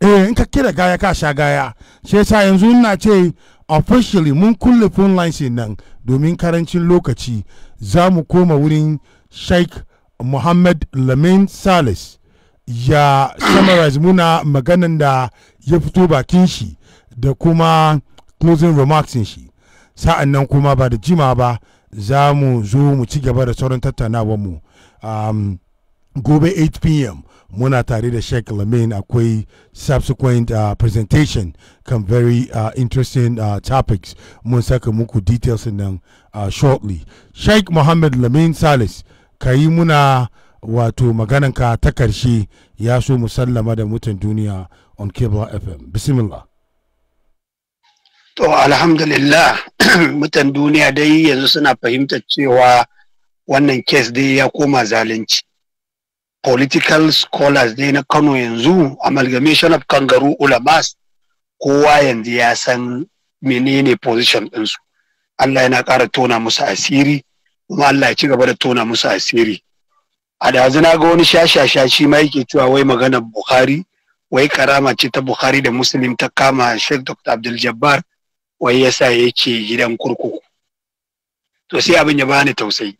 eh in ka kira gaya ka sha gaya shi yasa yanzu ina ce officially mun kulle phone lines nan domin karancin lokaci za mu koma wurin sheikh muhammad lamin salis ya summarize muna maganan da ya fito bakin shi da kuma closing remarks shi sa'an nan kuma ba da jima ba za mu zo mu ci gaba da sauran tattaunawarmu mu. gobe 8 pm muna tare da sheikh lamin akwai subsequent uh, presentation kan very uh, interesting uh, topics mun saka muku details nan uh, shortly sheikh mohammed lamin salis ka yi muna wato magananka ta karshe ya so musallama da mutan duniya on cable fm bismillah to alhamdulillah mutan duniya dai yanzu suna fahimtar cewa wannan kes dai ya koma zalunci political scholars dai na kano yanzu amalgamation of kangaroo ulamas kowa yanzu ya san menene position ɗinsu allah yana ƙara tona musu asiri kuma allah ya ci gaba da tona musu asiri a dazu na ga wani shashasha shi ma yake cewa wai maganar bukhari wai karama ce ta bukhari da muslim ta kama sheikh dr abdul jabbar wai yasa yake gidan kurkuku to sai abin ya bani tausayi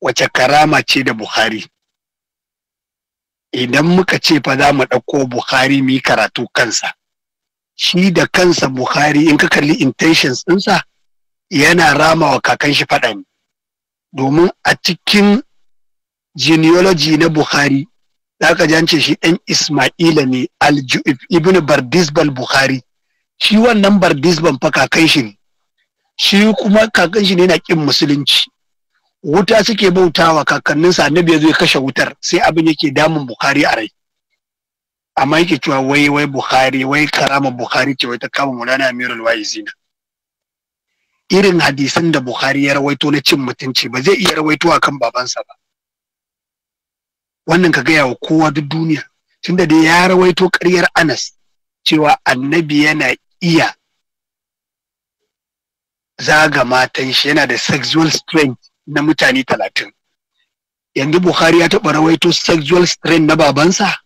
wace karama ce da bukhari idan muka ce fa za mu ɗauko bukhari mu karatu kansa shi da kansa bukhari in ka kalli intentions ɗinsa yana rama wa kakan shi faɗa ne domin a cikin genealogy na Bukhari za ji an ce shi ɗan Ismaila ne ibn Bardisbal Bukhari shi wannan Bardisban fa kakan shi ne shi kuma kakan shi ne yana kin musulunci wuta suke bautawa kakanninsa annabi ya kashe wutar sai abin yake damun Bukhari a rai amma yake cewa wai wai Bukhari wai karama Bukhari ce wai ta kama mulana Amirul Waizina irin hadisan da Bukhari ya rawaito na cin mutunci ba zai iya rawaito kan babansa ba wannan ka gaya wa kowa duk duniya tunda da ya rawaito karyar anas cewa annabi yana iya zaga matan shi yana da sexual strength na mutane talatin yanzu buhari ya taɓa rawaito sexual strength na babansa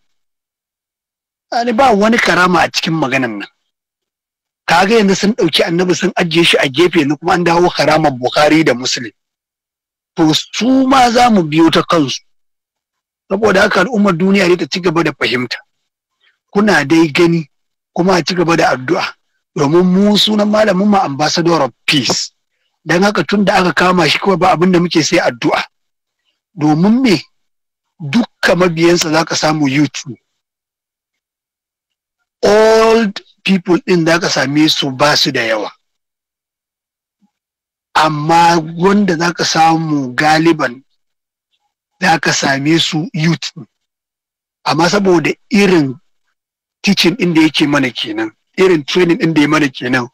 ani ba wani karama a cikin maganan nan kaga yanzu sun ɗauki annabi sun ajiye shi a gefe yanzu kuma an dawo karamar buhari da muslim to su ma za mu biyo ta kansu saboda haka al'ummar duniya ne ta ci gaba da fahimta kuna dai gani kuma a ci gaba da addu'a domin mu sunan malamin mu ambassador of peace dan haka tun da aka kama shi kuma ba abin da muke sai addu'a domin me dukka mabiyansa zaka samu youtube old people din ka same su ba su da yawa amma wanda zaka samu galiban za ka same su youth amma saboda irin teaching ɗin da yake mana kenan irin training ɗin da ya mana kenan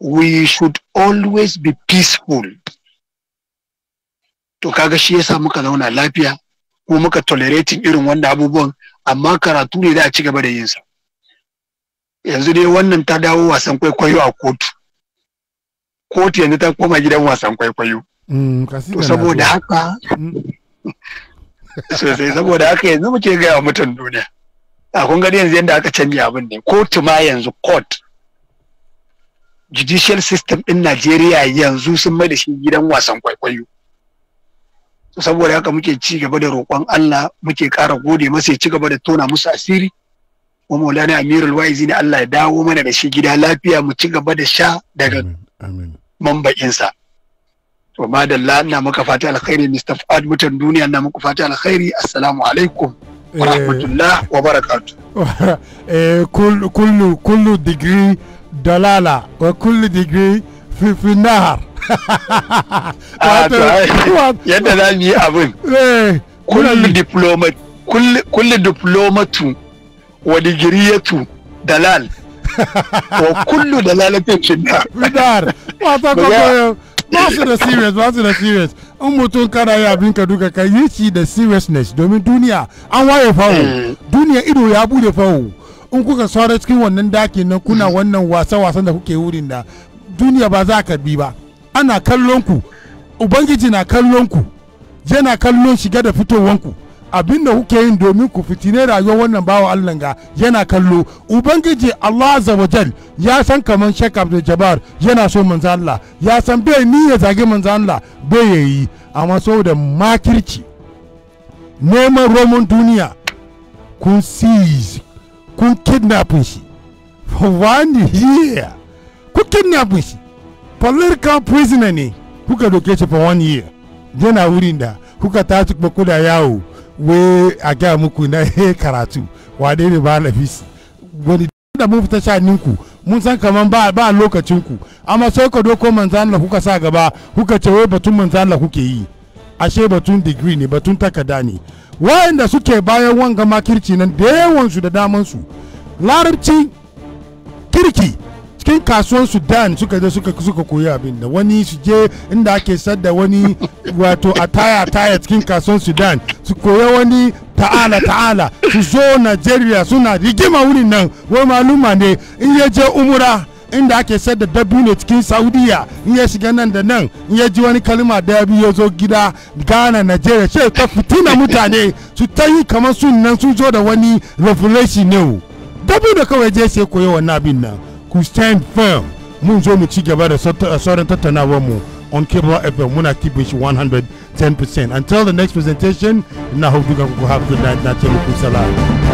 we should always be peaceful to kaga shi yasa muka zauna lafiya ko muka tolerating irin wanda abubuwan amma karatu ne za a ci gaba da yinsa yanzu dai wannan ta dawo wasan kwaikwayo a kotu kotu yanzu ta koma gidan wasan kwaikwayo mm, to saboda haka mm. sosai saboda haka yanzu muke gaya wa mutum duniya a kun gani yanzu yadda aka canja abin ne kotu ma yanzu court judicial system din Najeriya yanzu sun mai da shi gidan wasan kwaikwayo saboda haka muke ci gaba da roƙon Allah muke ƙara gode masa ya ci gaba da tona musu asiri wa Maulana Amirul Waizi ne Allah ya dawo mana da shi gida lafiya mu ci gaba da sha daga mambakinsa. to madalla ina maka fata alkhairi Mr. Fuad mutan duniya ina maka fata alkhairi assalamu alaikum wa eh. rahmatullah wa barakatuh eh kullu kullu degree dalala wa kullu degree fi fi nahar ah, yadda za mu yi abin eh, kullu diplomat kullu diplomatu wa digiriyatu dalal wa kullu dalalatin fi nahar ko ba su da serious ba su da serious in mutum kana yi abin ka duka ka yi shi da seriousness domin duniya an waye fawo hmm. duniya ido ya bude fawo in kuka saura cikin wannan dakin nan kuna hmm. wannan wasa-wasan da kuke wurin da duniya ba za ka bi ba ana kallon ku ubangiji na kallon ku yana kallon shiga da fitowanku abin da kuke yin domin ku fitine rayuwar wannan bawa Allah ga yana kallo ubangiji Allah azza wa jal ya san kaman Sheikh Abdul Jabbar yana so manzo Allah ya san bai ni ya zage manzo Allah bai yayi amma da makirci neman roman duniya kun seize kun kidnapin shi for one year kun kidnapin shi political prisoner ne kuka doke shi for one year yana wurin da kuka tashi kuda yawo we a gaya muku na he eh, karatu wane ne ba wani da mun fita shaninku mun san kaman ba ba lokacin ku amma sai ka doko manzan Allah kuka sa gaba kuka ce wai batun manzan Allah kuke yi ashe batun degree ne batun takarda ne wayanda suke bayan wanga makirci nan da yawan su da daman su larabci kirki cikin kasuwan sudan suka je suka suka koyi abin da wani su je inda ake sadda wani wato a taya taya cikin kasuwan sudan su koya wani ta'ala ta'ala su zo nigeria suna rigima wurin nan wai maluma ne in ya je umura inda ake sayar da ne cikin saudiya in ya shiga nan da nan in ya ji wani kalma daya biyu ya zo gida ghana nigeria ce ta fitina mutane su ta yi kamar sun nan sun zo da wani revelation ne da kawai je sai koyo wannan abin nan ku stand firm mun zo mu ci gaba da eh, sauran tattaunawar mu on cable fm muna keep shi 110% until the next presentation na hope duka ku have good night na ce muku salam